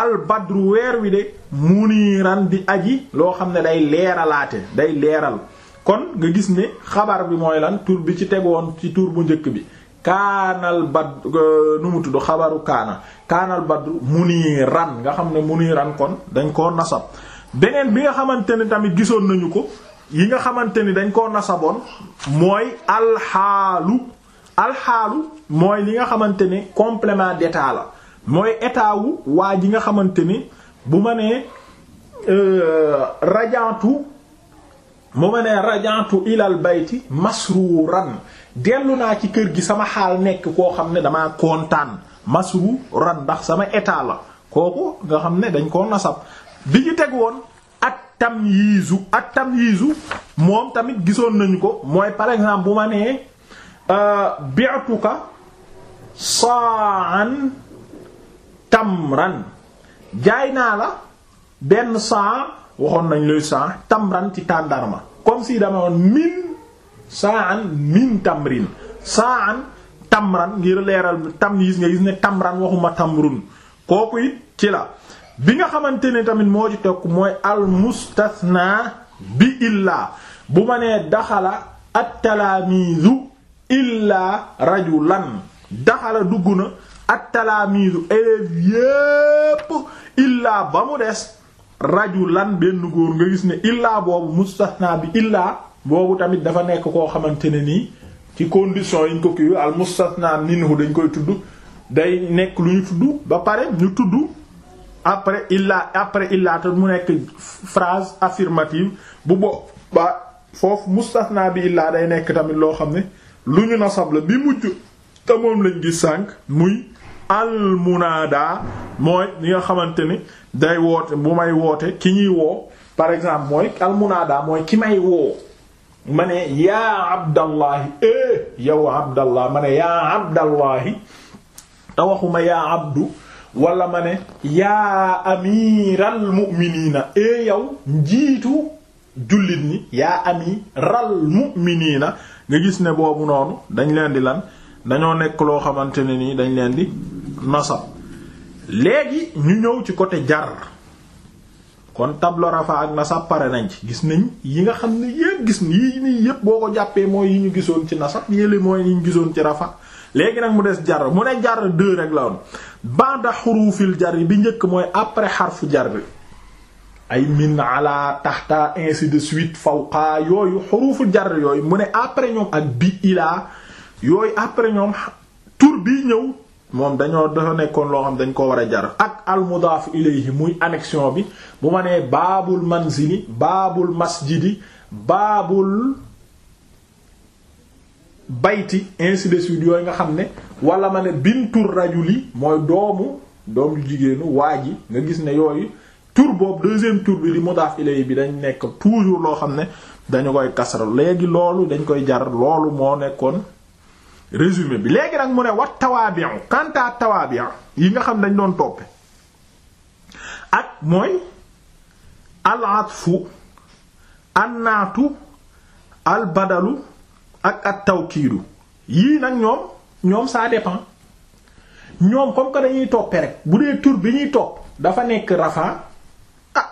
al badru weer wi de ran di aji loo xam ne day leeralaate day leeral kon nga gis ne xabar bi mooy lan tur bi ci tegoon ci tur bu njëkk bi kaanal bad euh, nu mu tudd xabaru kaana kaanal badru muniiran nga xam ne ran kon dañ koo nasab beneen bi nga xamante ne tamit gisoon nañu ko yi nga xamante ni dañ koo nasaboon mooy alxaalu alxaalu mooy li nga xamante ni complément d'état la mooy état wu waa ji nga xamante ni bu ma nee euh, rajantu bu ma nee rajantu ilal bayti ran dellu naa ci kër gi sama xaal nekk koo xam ne damaa kontaan masruuran ndax sama état la kooku nga xam ne dañ koo nasab bi ñu teg woon tamyiizu ak tamyiizu moom tamit gisoon nañ ko mooy par exemple bu ma nee euh, bi'tuka sa'an tamran jaay naa la benn saa waxoon nañ lay saa tamran ci tàndarma comme si dama woon min sa'an min tamrin sa'an tamran ngir leeral tamyiz nga gis ne tamran waxuma tamrun kooku it ci la bi nga xamante ne tamit moo ci tokk mooy al mustasna bi illaa bu ma nee daxala attalaamiizu illaa rajulan daxala dugg na attalaamiizu élèves yépp illaa ba mu des lan benn góor nga gis ne illaa boobu mustasna bi illaa boobu tamit dafa nekk koo xamante ne nii ci condition yi ñu ko kii al mustasna minhu dañ koy tudd day nekk lu ñu tudd ba pare ñu tudd après illaa après illaa te mu nekk phrase affirmative bu boobaa foofu mustasna bi illaa day nekk tamit loo xam ne lu ñu nasab la bi mujj te moom lañ gis sànq muy almunaada mooy li nga xamante ni day woote bu may woote ki ñuy woo par exemple mooy almunaada mooy ki may woo ma ne yaa abdallahi eh yow abdallah ma ne yaa abdallahi te waxuma yaa abdu wala ma ne yaa amiral mu'miniina e yow njiitu jullit ñi yaa amiral na nga gis ne boobu noonu dañ leen di lan dañoo nekk loo xamante ne nii dañ leen di nasab léegi ñu ñëw ci côté jar kon tableau rafa ak nasab pare nañ ci gis nañ yi nga xam ne yépp gis yi nii yépp boo ko jàppee mooy yi ñu gisoon ci nasab yële mooy yi ñu gisoon ci rafa léegi nag mu des jar mu ne jar deux rek la woon banda xurufil jar bi njëkk mooy après xarfu jar bi ay min ala taxta ainsi de suite fawqa yooyu xurufu jar yooyu mu ne après ñoom ak bi ilaa yooyu après ñoom tur bii ñëw moom dañoo dafa nekkoon loo xam dañ ko war a jar ak almudaaf ilayhi muy annexion bi bu ma nee baabul manzili baabul masjidi baabul bayti ainsi de suite yooyu nga xam ne wala ma ne bintur li mooy doomu doomu jigéenu waa ji nga gis ne yooyu tur boobu deuxième tur bi di mudaaf ilay bi dañ nekk toujours loo xam ne dañu koy kasra léegi loolu dañ koy jar loolu moo nekkoon résumé bi léegi nag mu ne wat tawaabi'u kanta tawaabi'u yi nga xam dañ doon toppe ak mooy al atfu an naatu al ak ak tawkiidu yii nag ñoom ñoom ça dépend ñoom comme que dañuy toppe rek bu dee tur bi ñuy topp dafa nekk rafa ah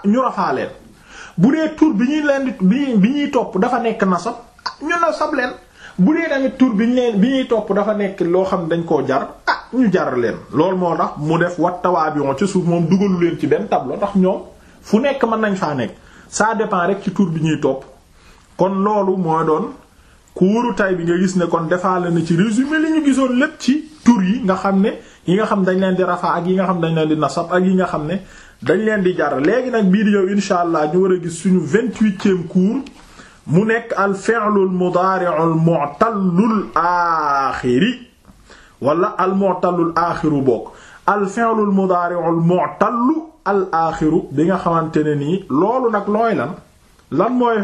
bu dee tur bi ñuy leen bi bi ñuy topp dafa nekk nasab ah ñu nasab leen bu dee tamit tur bi ñu bi ñuy topp dafa nekk loo xam dañ koo jar ah ñu jar leen loolu moo tax mu def wat tawaabion ci suuf moom dugalu leen ci benn tableau ndax ñoom fu nekk mën nañ faa nekk ça dépend rek ci tur bi ñuy topp kon loolu moo doon kuuru tay bi nga gis ne kon defaale na ci résumé li ñu gisoon lépp ci tur yi nga xam ne yi nga xam dañ leen di rafa ak yi nga xam dañ leen di nasab ak yi nga xam ne dañ leen di jar léegi nag bii yow insha allah ñu war a gis suñu vingt-huitième cours mu nekk al fi'lul mudaari'ul mu'tallul aaxiri wala al mu'tallul aaxiru bokk al fi'lul mudaari'ul mu'tallu al aaxiru bi nga xamante ne nii loolu nag looy lan lan mooy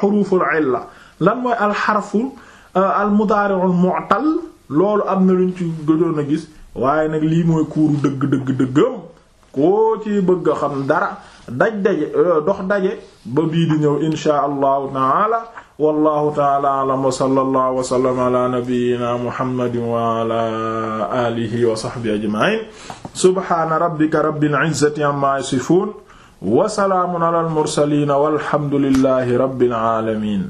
xuruful euh, euh, illa lan mooy alxarfu euh, al mudaari'ul mu'tal loolu am na luñ ci gëjoon a gis waaye nag lii mooy kuuru dëgg dëgg dëggam koo ci bëgg a xam dara daj daje euh, dox daje ba bii di ñëw inshaa allahu taala wallahu taala alam wa sallallahu wa sallam ala nabiyyina muhammadin wa ala alihi wa sahbihi ajma'in subhana rabbika rabbil izzati amma yasifun wa salaamun ala al mursalin walhamdulillahi rabbil alamin